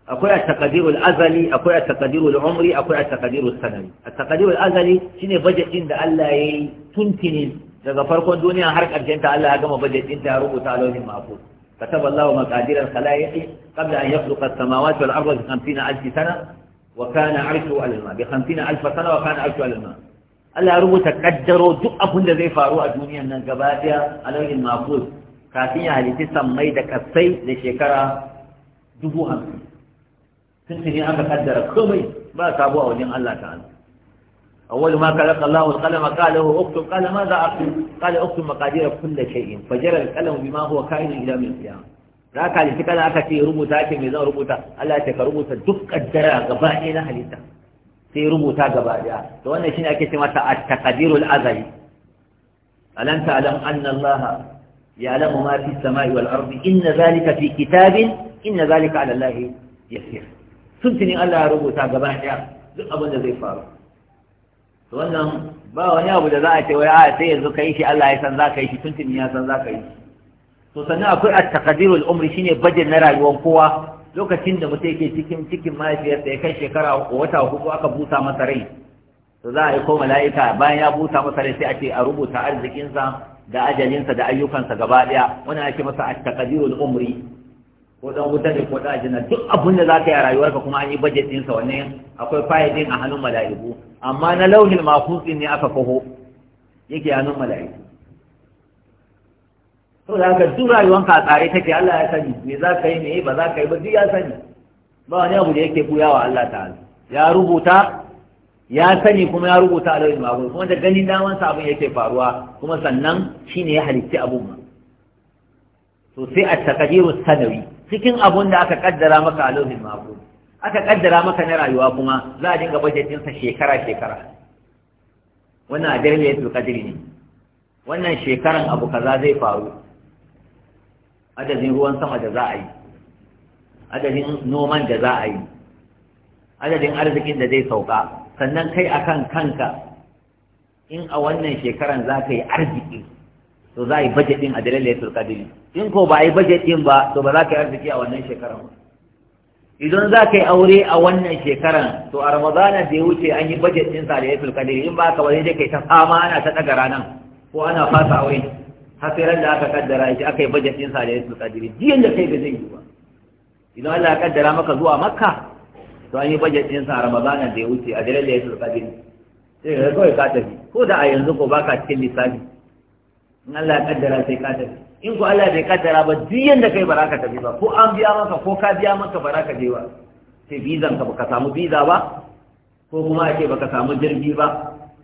akwai a takadiru azali akwai a takadiru umri akwai a takadiru sanari a takadiru azali shine bajet din da Allah ya yi tuntuni daga farkon duniya har karshen ta Allah ya gama bajet din ta ya rubuta a lauhin mahfuz كتب الله مقادير الخلائق قبل أن يخلق السماوات والأرض بخمسين ألف سنة وكان عرشه على الماء بخمسين ألف سنة وكان عرشه على الماء Allah ya rubuta kaddaro duk abin da zai faru a duniyar nan gaba daya a lauyin mafuz kafin ya halitti sammai da kasai da shekara dubu hamsin tun tuni ka kaddara komai ba sabo a wajen Allah ta'ala awwal ma kala khalaqa Allahu al-qalama qala lahu za a fi aktub qala uktub maqadir kulli shay'in fajara al-qalam bima huwa ka'in ila min siya. Za ka halitti kana aka ce rubuta ake me zan rubuta Allah ya ce ka rubuta duk kaddara gaba ɗaya na halitta sai rubuta gaba daya to wannan shine ake ce mata at-taqdirul azali alam ta'lam anna Allah ya'lamu ma fi as-sama'i wal ardi inna zalika fi kitabin inna zalika 'ala Allah yasir tuntuni Allah ya rubuta gaba daya duk abin da zai faru to wannan ba wani abu da za a ce wai a sai yanzu ka yi shi Allah ya san za ka yi shi tuntuni ya san za ka yi to sannan akwai at-taqdirul umri shine bajin na rayuwar kowa lokacin da mutum yake cikin cikin mahaifiyarsa ya kai shekara wata hudu aka busa masa rai to za a yi ko mala'ika bayan ya busa masa rai sai a ce a rubuta arzikinsa da ajalinsa da ayyukansa gaba daya wani ake masa a takadirul umri ko dan wuta ne ko dan duk abin da za ka yi a rayuwarka kuma an yi budget ɗinsa wannan akwai fayil a hannun mala'iku amma na launin mafusin ne aka kaho yake hannun mala'iku to da haka duk rayuwanka a tsare take Allah ya sani me za ka yi me ba za ka yi ba duk ya sani ba wani abu da yake wa Allah ta'ala ya rubuta ya sani kuma ya rubuta a lauyin magun kuma da ganin daman sa abin yake faruwa kuma sannan shine ya halitti abun ma to sai a takadiru sanawi cikin abun da aka kaddara maka a lauyin magun aka kaddara maka na rayuwa kuma za a dinga bajetin sa shekara shekara wannan a dare kadiri ne wannan shekaran abu kaza zai faru adadin ruwan sama da za a yi adadin noman da za a yi adadin arzikin da zai sauka sannan kai a kan kanka in a wannan shekaran za ka yi arziki to za a yi bajet ɗin a ya turka kadiri in ko ba a yi bajet ɗin ba to ba za ka yi arziki a wannan shekaran ba idan za ka yi aure a wannan shekaran to a ramadana da ya wuce an yi bajet ɗin sa da turka kadiri in ba ka ba zai je kai ta fama ana ta ɗaga ranar ko ana fasa aure har sai ran da aka kaddara shi aka yi budget din sa da yasul qadiri diyan da kai ga zai yi ba idan Allah ya kaddara maka zuwa makka to an yi budget din sa a ramadanan da ya wuce a dare da yasul kadiri sai ka kawai ka tafi ko da a yanzu ko baka cikin lissafi in Allah ya kaddara sai ka tafi in ko Allah bai kaddara ba diyan da kai ba za ka tafi ba ko an biya maka ko ka biya maka ba za ka je ba sai bizan ka baka samu biza ba ko kuma ake baka samu jirgi ba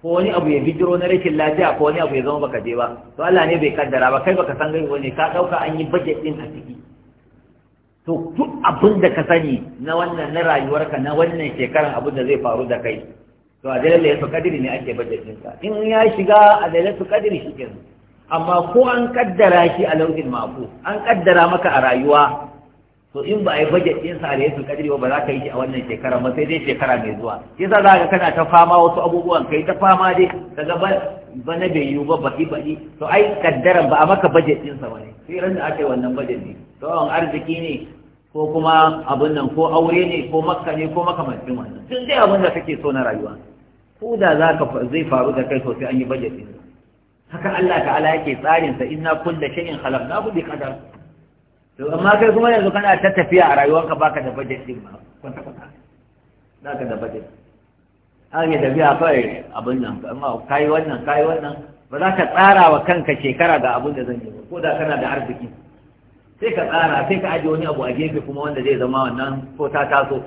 ko wani abu ya bijiro na rashin lafiya ko wani abu ya zama baka je ba to Allah ne bai kaddara ba kai baka san gari wani ka dauka an yi budget din a ciki to duk abin da ka sani na wannan na rayuwarka na wannan shekaran abin da zai faru da kai to a dalilin su kadiri ne ake budget din ka in ya shiga a dalilin su kadiri shi kenan amma ko an kaddara shi a lauhin mafu an kaddara maka a rayuwa to in ba a yi bajet din sa da yasu kadiri ba za ka yi shi a wannan shekara ba sai dai shekara mai zuwa yasa za ka kana ta fama wasu abubuwan kai ta fama dai daga ba bana bai yiwu ba baki baki to ai kaddaran ba a maka budget din sa bane sai ran da aka yi wannan budget ne to an arziki ne ko kuma abin nan ko aure ne ko makka ne ko makamancin wannan tun dai abin da kake so na rayuwa ko da za ka zai faru da kai to sai an yi budget din haka Allah ta'ala yake tsarin sa inna kullu shay'in khalaqnahu bi qadar to amma kai kuma yanzu kana ta tafiya a rayuwarka baka da budget din ba kwanta kwanta ka da budget an yi tafiya kawai abin nan amma kai wannan kai wannan ba za ka tsara wa kanka shekara ga abin da zan yi ko da kana da arziki sai ka tsara sai ka ajiye wani abu a gefe kuma wanda zai zama wannan ko ta taso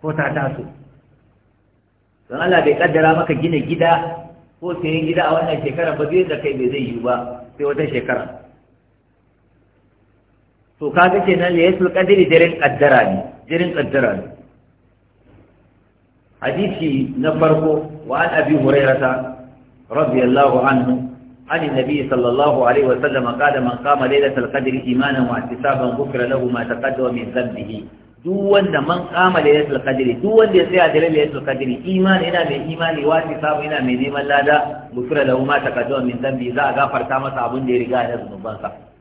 ko ta taso don Allah bai kaddara maka gina gida ko sayan gida a wannan shekarar ba zai da kai bai zai yi ba sai wata shekara to kaga kenan laylatul qadri daren kaddara ne kaddara ne hadisi na farko wa an abi hurairata radiyallahu anhu عن النبي صلى الله عليه وسلم قال من قام ليلة القدر إيمانا واحتسابا غفر له ما تقدم من ذنبه duk wanda man kama duk wanda ya saya da lailatul qadri imani yana mai imani wati samu yana mai neman lada gufira lahu ma taqaddama min dhanbi za a gafarta masa abin da ya riga ya zunuban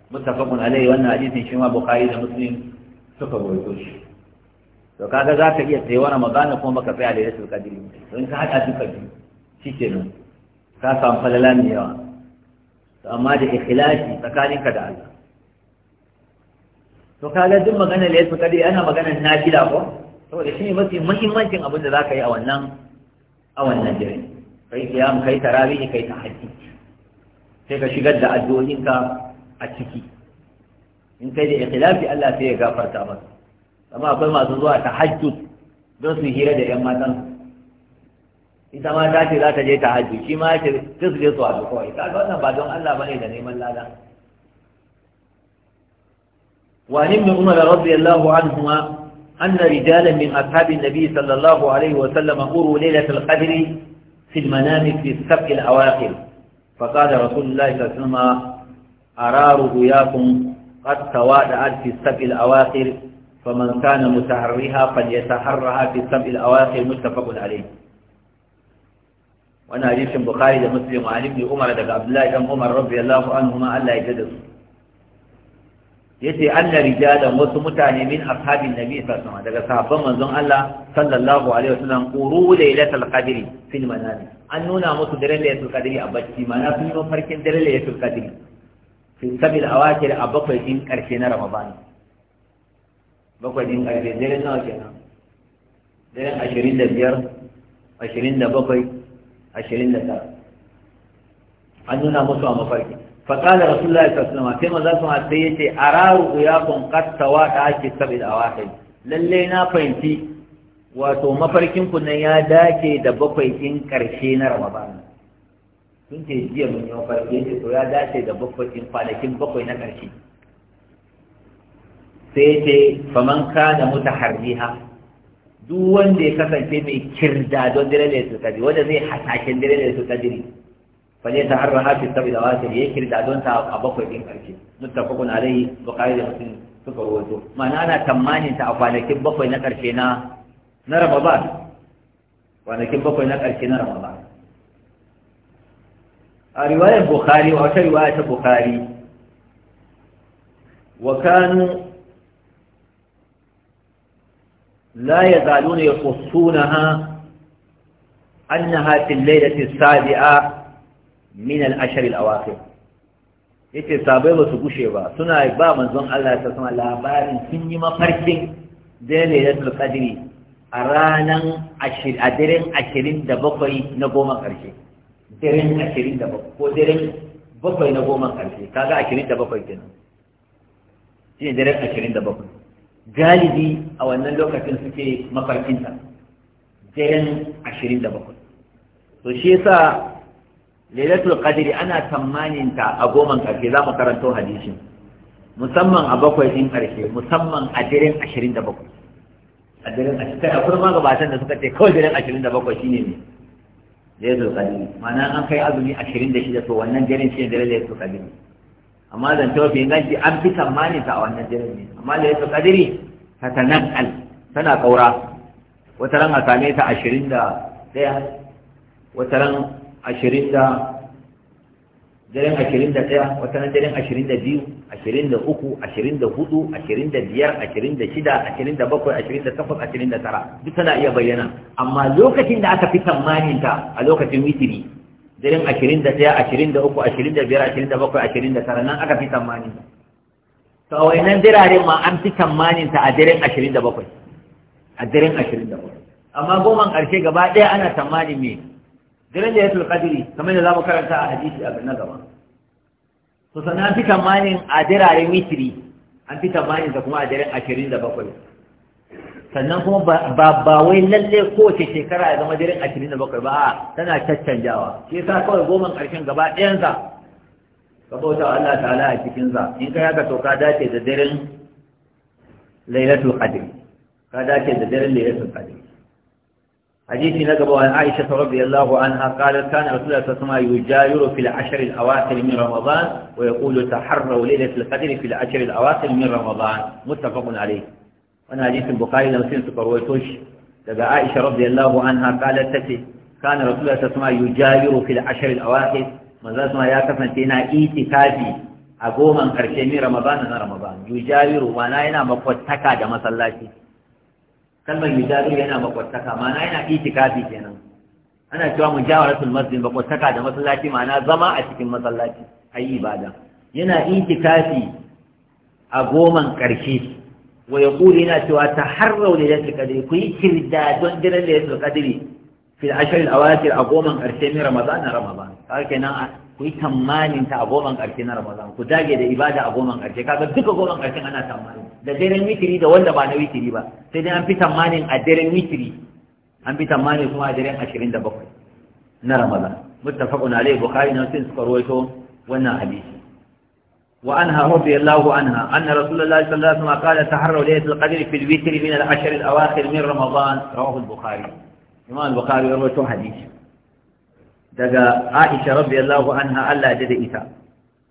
mutafakun alai wannan hadisin shi ma bukhari da muslim suka rawaito shi to kaga za ka iya tsayawa magana kuma baka tsaya da yasul to in ka hada duka biyu nan. ka samu falala mai yawa amma da ikhlasi tsakaninka da Allah to kaga duk magana da yasul qadri ana maganar gida ko saboda shi ne mafi muhimmancin abin da za ka yi a wannan a wannan jirgin. kai kiyam kai tarawih kai tahajjud sai ka shigar da addu'o'inka a ciki in kai da ikhlasi Allah sai ya gafarta masa amma akwai masu zuwa tahajjud don su hira da yan matan ita ma ta ce za ta je tahajjud shi ma ce ta su je su haɗu kawai kaga wannan ba don Allah bane da neman lada وعن ابن عمر رضي الله عنهما أن رجالا من أصحاب النبي صلى الله عليه وسلم أروا ليلة القدر في المنام في السبع الأواخر فقال رسول الله صلى الله عليه وسلم أرار رؤياكم قد توادعت في السبع الأواخر فمن كان متحرها فليتحرها في السبع الأواخر متفق عليه وانا حديث البخاري ده مسلم وعن ابن عمر ده عبد الله بن عمر رضي الله عنهما الله يجدد yace anna rijalan wasu mutane min ashabin nabi sallallahu alaihi wasallam daga sahabban manzon Allah sallallahu alaihi wasallam quru lailatul qadri fil manami an nuna musu daren lailatul qadri a bacci ma'ana sun yi mafarkin daren lailatul qadri fi sabil awakir a bakwai din karshe na ramadan bakwai din karshe dare nawa kenan dare ashirin da biyar an nuna musu mafarki فقال رسول الله صلى الله عليه وسلم كما ذا سمع قد تواقع في السبع الأواخر na fahimci, wato mafarkin ku na ya dace da bakwai in ƙarshe na Ramadan sun ce jiya mun yi mafarki yace to ya dace da bakwai kwanakin bakwai na ƙarshe sai ce faman kana ha. duk wanda ya kasance mai kirda don dare da su kadiri wanda zai hasashen dare da su kadiri fa ta har hafi sabi da wasu ya kirda don ta a bakwai din karshe muttafaqun alaihi bukhari da muslim suka rawaito ma'ana ana tamanin ta a kwanakin bakwai na karshe na na ramadan kwanakin bakwai na karshe na ramadan a riwayar bukhari wa wata riwaya ta bukhari wa kanu la na ha an na laylati laidatin sabia minan ashirin a al Ya ce sabai ba su gushe ba suna ba manzon Allah ta sama labarin sun yi mafarkin ne da kadiri a ranan ashirin da bakwai na goma ƙarshe daren ashirin da bakwai ko daren bakwai na goma ƙarshe kaga ashirin da bakwai kenan shi ne daren ashirin da bakwai galibi a wannan lokacin suke mafarkinta daren ashirin da bakwai to shi yasa lailatul qadri ana tsammaninta a goman ƙarshe za mu karanto hadisin musamman a bakwai ɗin ƙarshe musamman a daren ashirin da bakwai a daren ashirin da bakwai a ma gabatan da suka ce kawai daren ashirin da bakwai shine ne lailatul qadri ma'ana an kai azumi ashirin da shida to wannan daren shi ne daren lailatul qadri amma zan tafi fi ganci an fi tsammanin ta a wannan daren ne amma da lailatul qadri ta 'al tana kaura wata ran a same ta ashirin da ɗaya wata ran ashirin da daren ashirin da wata nan daren ashirin da biyu ashirin da uku ashirin da hudu ashirin da biyar ashirin da shida ashirin da bakwai ashirin da takwas ashirin da tara duk tana iya bayyana amma lokacin da aka fi tsammanin ta a lokacin witiri daren ashirin da ɗaya ashirin da uku ashirin da biyar ashirin da bakwai ashirin da tara nan aka fi tsammanin ta to a wannan diraren ma an fi tsammanin ta a daren ashirin da bakwai a daren ashirin da bakwai amma goma karshe gaba ɗaya ana tsammanin me daren da ya tulkadiri kamar da za mu karanta a hadisi a na gaba to sannan an fi tamanin a diraren mitiri an fi tamanin da kuma a daren ashirin da bakwai sannan kuma ba ba wai lalle kowace shekara ya zama daren ashirin da bakwai ba a tana caccanjawa shi yasa kawai goman ƙarshen gaba ɗayansa ka bauta wa Allah ta'ala a cikinsa in ka haka to ka dace da dirin lailatul qadr ka dace da dirin lailatul qadr حديث نقب عن عائشة رضي الله عنها قالت كان رسول الله صلى الله عليه وسلم يجاير في العشر الأواخر من رمضان ويقول تحروا ليلة القدر في العشر الأواخر من رمضان متفق عليه وأنا حديث البخاري لما سنت قرويتوش لقى عائشة رضي الله عنها قالت تتي كان رسول الله صلى الله عليه وسلم يجاير في العشر الأواخر من ذات ما يكفن تينا إيتكافي أقوما كرشمي رمضان أنا رمضان يجاير وانا هنا تكاد جمسلاتي kalmar yujaru yana makwataka ma'ana yana itikafi kenan ana cewa mujawaratul masjid makwataka da masallaci ma'ana zama a cikin masallaci ayi ibada yana itikafi a goman ƙarshe wa yaqulu yana cewa taharrau lailatul qadri ku yi kirda don daren da qadri fi al a al-awakhir a goman ƙarshe ne ramadan na kaga kenan ku yi tamanin ta a goman ƙarshe na ramadan ku dage da ibada a goman ƙarshe kaga duka goman ƙarshen ana tamanin da daren witiri da wanda ba na witiri ba sai dai an fi tamanin a daren witiri an fi tamanin kuma a daren ashirin da bakwai na ramadan muttafaqun alayhi bukhari na sun suka rawaito wannan hadisi وعنها رضي الله عنها أن رسول الله صلى الله عليه وسلم قال تحروا ليلة القدر في الوتر من العشر الأواخر من رمضان رواه البخاري إمام البخاري يروي حديث daga Aisha radiyallahu anha Allah ya da ita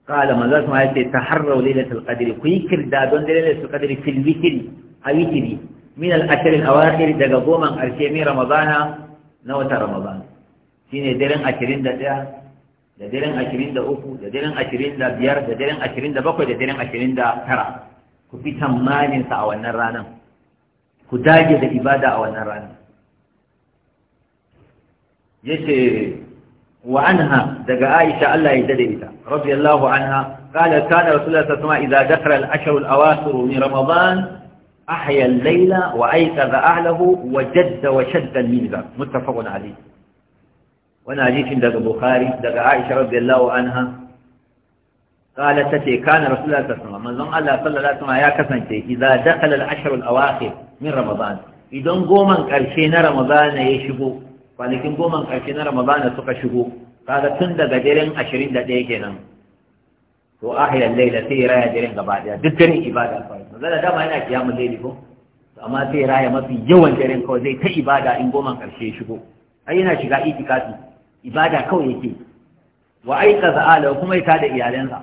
qala manzo sama yace taharrau lailatul qadri ku yi kirda don lailatul qadri fil bikin ayyidi min al ashr al awakhir daga goma arke min ramadana na wata ramadan shine daren 21 da daren 23 da daren 25 da daren 27 da daren 29 ku bi tamanin sa a wannan ranan ku dage da ibada a wannan ranan yace وعنها دقى عائشة الله يدريتا رضي الله عنها قال كان رسول الله صلى الله عليه وسلم إذا ذكر العشر الأواخر من رمضان أحيا الليل وأيقظ أهله وجد وشد الميزان متفق عليه وانا حديث دقى بخاري دقى عائشة رضي الله عنها قالت تتي كان رسول الله صلى الله عليه وسلم من الله صلى الله عليه وسلم يا كسنتي إذا دخل العشر الأواخر من رمضان إذا قوما قرشين رمضان يشبه kwanakin goma ƙarshe na ramadana suka shigo kaga tun daga daren ashirin da ɗaya kenan to ahiyar laila sai raya daren gaba ɗaya duk daren ibada kawai maza da dama yana kiyamun laili ko amma sai raya mafi yawan daren kawai zai ta ibada in goma ƙarshe shigo ai yana shiga itikafi ibada kawai yake wa aika za'ala kuma ya tada iyalansa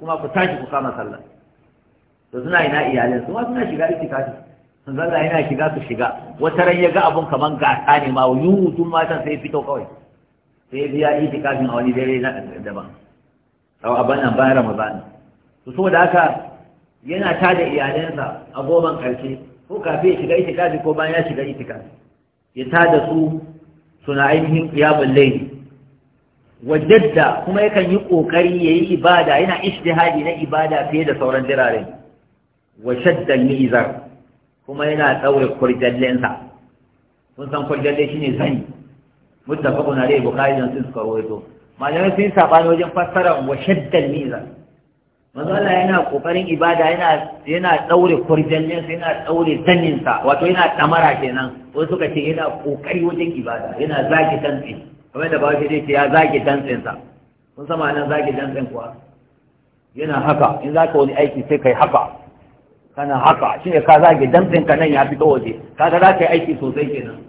kuma ku tashi ku kama sallah to suna ina iyalansu Kuma suna shiga itikafi zalla yana shiga su shiga wata ran ya ga abun kaman gasa ne ma tun matan sai fito kawai sai ya biya itikafin a wani dare na daban a abin nan bayan ramadan to saboda haka yana tada iyalansa a goman karshe ko kafin ya shiga itikafi ko bayan ya shiga itikafi ya tada su suna ainihin qiyamul layl wajadda kuma yakan yi kokari yayi ibada yana ishtihadi na ibada fiye da sauran dirare wa shaddan mizar kuma yana ɗaure kurjallensa kun san kurjalle shi ne zani muttafaqun rai bukari don sun suka rawaito malamai sun sabani wajen fassara wa shaddal miza manzo Allah yana kokarin ibada yana yana daure kurjallensa yana daure zaninsa wato yana damara kenan wani suka ce yana kokari wajen ibada yana zaki dantsi kamar da bawashi zai ce ya zaki dantsinsa kun san ma'anar zaki dantsin kuwa yana haka in za ka wani aiki sai kai haka kana haka shi ne ka zage damtsin ka nan ya fito waje kaga za ka yi aiki sosai kenan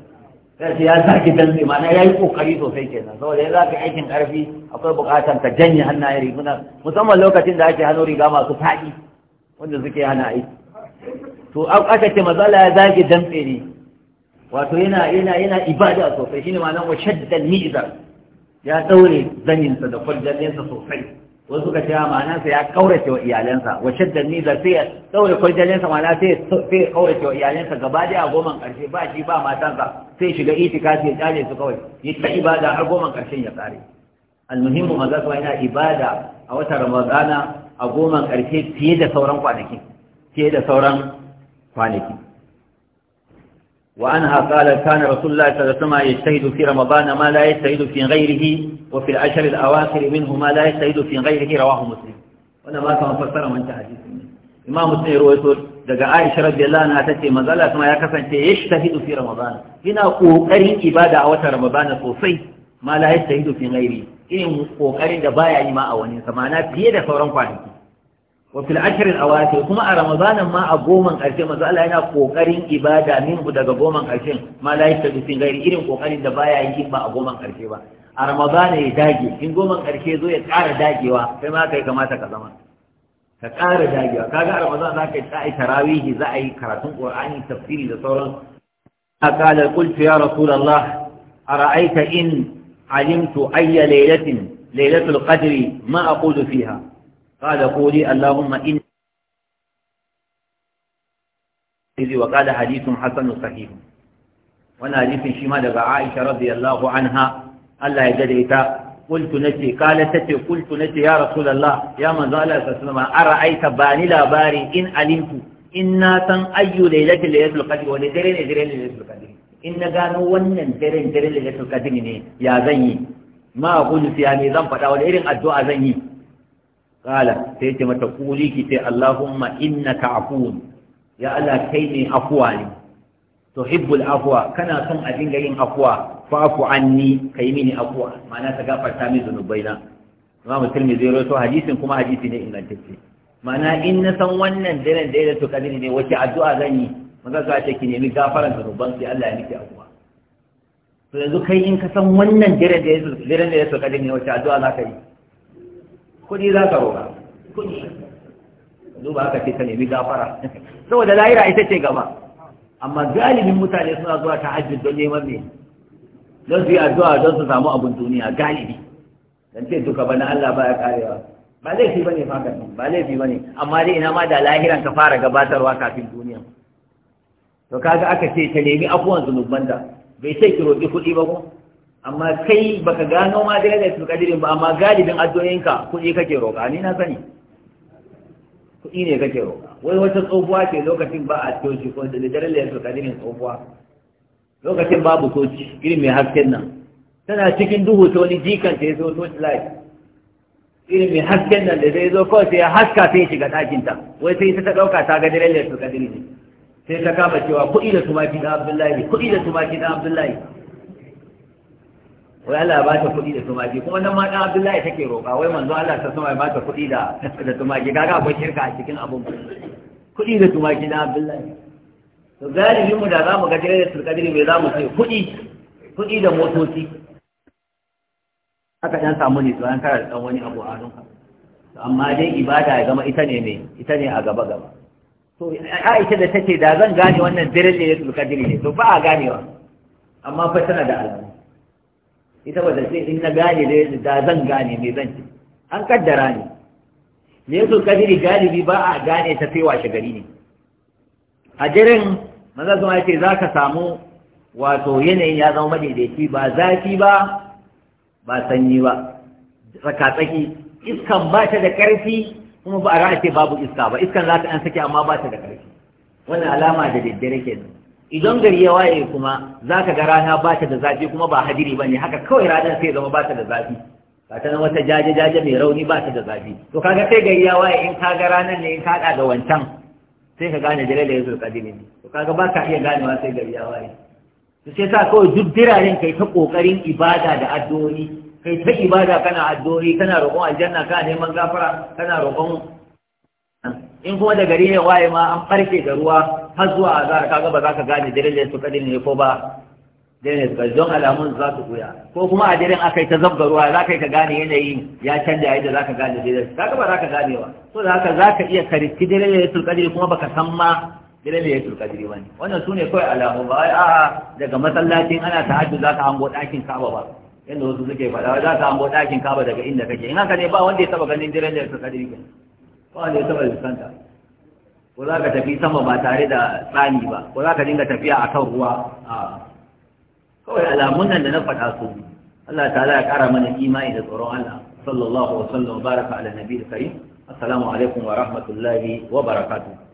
sai ya zage damtsi ma'ana ya yi kokari sosai kenan saboda ya zage yi aikin karfi akwai bukatan ka janye hannaye riguna musamman lokacin da ake hannu riga masu faɗi wanda suke hana aiki to aka ce mazala ya zage damtse ne wato yana yana yana ibada sosai shine nan wa shaddal mi'zar ya daure zaninsa da kwaljallensa sosai wasu suka manansa ma'anarsa ya kaurace wa iyalansa wa dan ni sai ya daure kwarjalensa ma'ana sai ya kaurace wa iyalansa gaba daya a goman karshe ba shi ba matansa sai shiga itikafi ya tsare su kawai ya ta ibada har goman karshen ya tsare almuhimmu maza su yana ibada a wata ramadana a goma karshe fiye da sauran kwanaki fiye da sauran kwanaki وعنها قال كان رسول الله صلى الله عليه وسلم يجتهد في رمضان ما لا يجتهد في غيره وفي العشر الأواخر منه ما لا يجتهد في غيره رواه مسلم وانا ما كان فسر من تحديث إمام مسلم رويته daga Aisha radiyallahu anha tace manzo Allah ya kasance yashtahidu fi Ramadan yana kokarin ibada a watan Ramadan sosai ma la yashtahidu fi ghairi irin kokarin da baya yi ma a wani sa fiye da sauran kwanaki wa fil a al kuma a ramadanan ma a goman karshe manzo Allah yana ƙoƙarin ibada min daga goman ƙarshe, ma la yashadu fi irin kokarin da baya yi ba a goman ƙarshe ba a ramadana ya dage in goman ƙarshe zo ya ƙara dagewa sai ma kai kamata ka zama ka ƙara dagewa kaga a ramadana za ka yi tarawihi za a yi karatun ƙur'ani tafsiri da sauran قال قلت يا Rasulallah, a أرأيت in Alimtu, ayya ليلة ليلة القدر ما أقول fiha. قال قولي اللهم إن وقال حديث حسن صحيح وانا حديث شما دغا عائشة رضي الله عنها الله يجدئتا قلت نتي قالت تتي قلت نتي يا رسول الله يا من ذا الله سلام أرأيت باني لاباري إن علمت إنا تن أي ليلة ليلة القدر ولدرين درين ليلة القدر إن قانوا ونن درين درين ليلة القدر يا زيي ما أقول فيها ميزان فتا ولئرين الدعاء زيي kala sai ce mata kuli ki sai Allahumma innaka afuwun ya Allah kai ne afuwa ne tuhibbul afwa kana son a dinga yin afwa fa'fu anni kai mini afuwa ma'ana ta gafarta min zunubaina Imam Tirmidhi zai rawaito hadisin kuma hadisi ne ingantacce ma'ana in na san wannan daren da ya to kadiri ne wace addu'a zan yi maza ka ce ki nemi gafaran zunuban sai Allah ya miki afuwa to yanzu kai in ka san wannan daren da ya to kadiri ne wace addu'a za ka yi kuɗi za ka roƙa kuɗi duba aka ce ta nemi gafara saboda lahira ita ce gaba amma galibin mutane suna zuwa ta tahajjud don neman ne, don su yi addu'a don su samu abin duniya galibi dan ce duka bana Allah baya karewa ba laifi bane fa ba laifi bane amma dai ina ma da lahiran ka fara gabatarwa kafin duniya to kaga aka ce ta nemi afuwan zunubban da bai sai ki roƙi kuɗi ba ko amma kai baka gano ma da yadda kadirin ba amma galibin addu'o'inka kuɗi kake roƙa ni na sani kuɗi ne kake roƙa wai wata tsohuwa ce lokacin ba a toci ko da daren da yadda kadirin tsohuwa lokacin babu toci irin mai hasken nan tana cikin duhu ta wani jikan ta ya zo toci lai irin mai hasken nan da zai zo kawai sai ya haska sai ya shiga ta, wai sai ta ɗauka ta ga daren da yadda kadirin sai ta kama cewa kuɗi da tumaki na abdullahi kuɗi da tumaki na abdullahi wai Allah ba ta kuɗi da tumaki kuma nan ma ɗan Abdullahi take roƙa wai manzo Allah ta sama ba ta kuɗi da da tumaki kaga akwai shirka a cikin abun kuɗi da tumaki na Abdullahi to galibi mu da zamu ga jira da sulkadiri mai zamu ce kuɗi kuɗi da motoci aka ɗan samu ne to an kara ɗan wani abu a hannunka amma dai ibada ya zama ita ne me ita ne a gaba gaba to Aisha da take da zan gane wannan dare da sulkadiri ne to ba a ganewa amma fa tana da alamu ita ba ta ce in na gane da da zan gane me zan ce an kaddara ne ka jiri galibi ba a gane ta sai shi gari ne a jirin maza sun ce za ka samu wato yanayin ya zama madaidaici ba zafi ba ba sanyi ba tsakatsaki iskan ba ta da ƙarfi kuma ba a ra'a ce babu iska ba iskan za ta an sake amma ba ta da karfi wannan alama da daddare kenan idan gari ya waye kuma za ka ga rana ba ta da zafi kuma ba hadiri ba ne haka kawai ranar sai zama ba ta da zafi ba ta nan wata jaje-jaje mai rauni ba ta da zafi to kaga sai gari ya waye in ka ga ranar ne in ka haɗa da wancan sai ka gane dare da ya zurka dini ne to kaga ba ka iya ganewa sai gari ya waye to sai sa kawai duk biranen kai ta ƙoƙarin ibada da addu'o'i kai ta ibada kana addu'o'i kana roƙon aljanna kana neman gafara kana roƙon in kuma da gari ne waye ma an farke da ruwa har zuwa a zara kaga ba za ka gane dare ne su kadin ne ko ba dare ne su kadin don alamun za su goya ko kuma a daren aka yi ta zabga ruwa za ka yi ka gane yanayi ya canja yadda za ka gane dare kaga ba za ka gane ba to da haka za ka iya kariski dare ne su kadin kuma baka san ma dare ne su kadin ba ne wannan su ne kawai alamu ba wai a'a daga masallacin ana tahajjud za ka hango ɗakin kaba ba yadda wasu suke faɗa za ka hango ɗakin kaba daga inda kake in haka ne ba wanda ya taɓa ganin dare su kadin wani wanda ya taɓa ko za ka tafi sama ba tare da tsani ba ko za ka dinga tafiya a kan ruwa a kawai alamun nan da na faɗa su Allah ta ya ƙara mana imani da tsoron Allah sallallahu wa sallam baraka ala nabiyil karim assalamu alaikum wa rahmatullahi wa barakatuh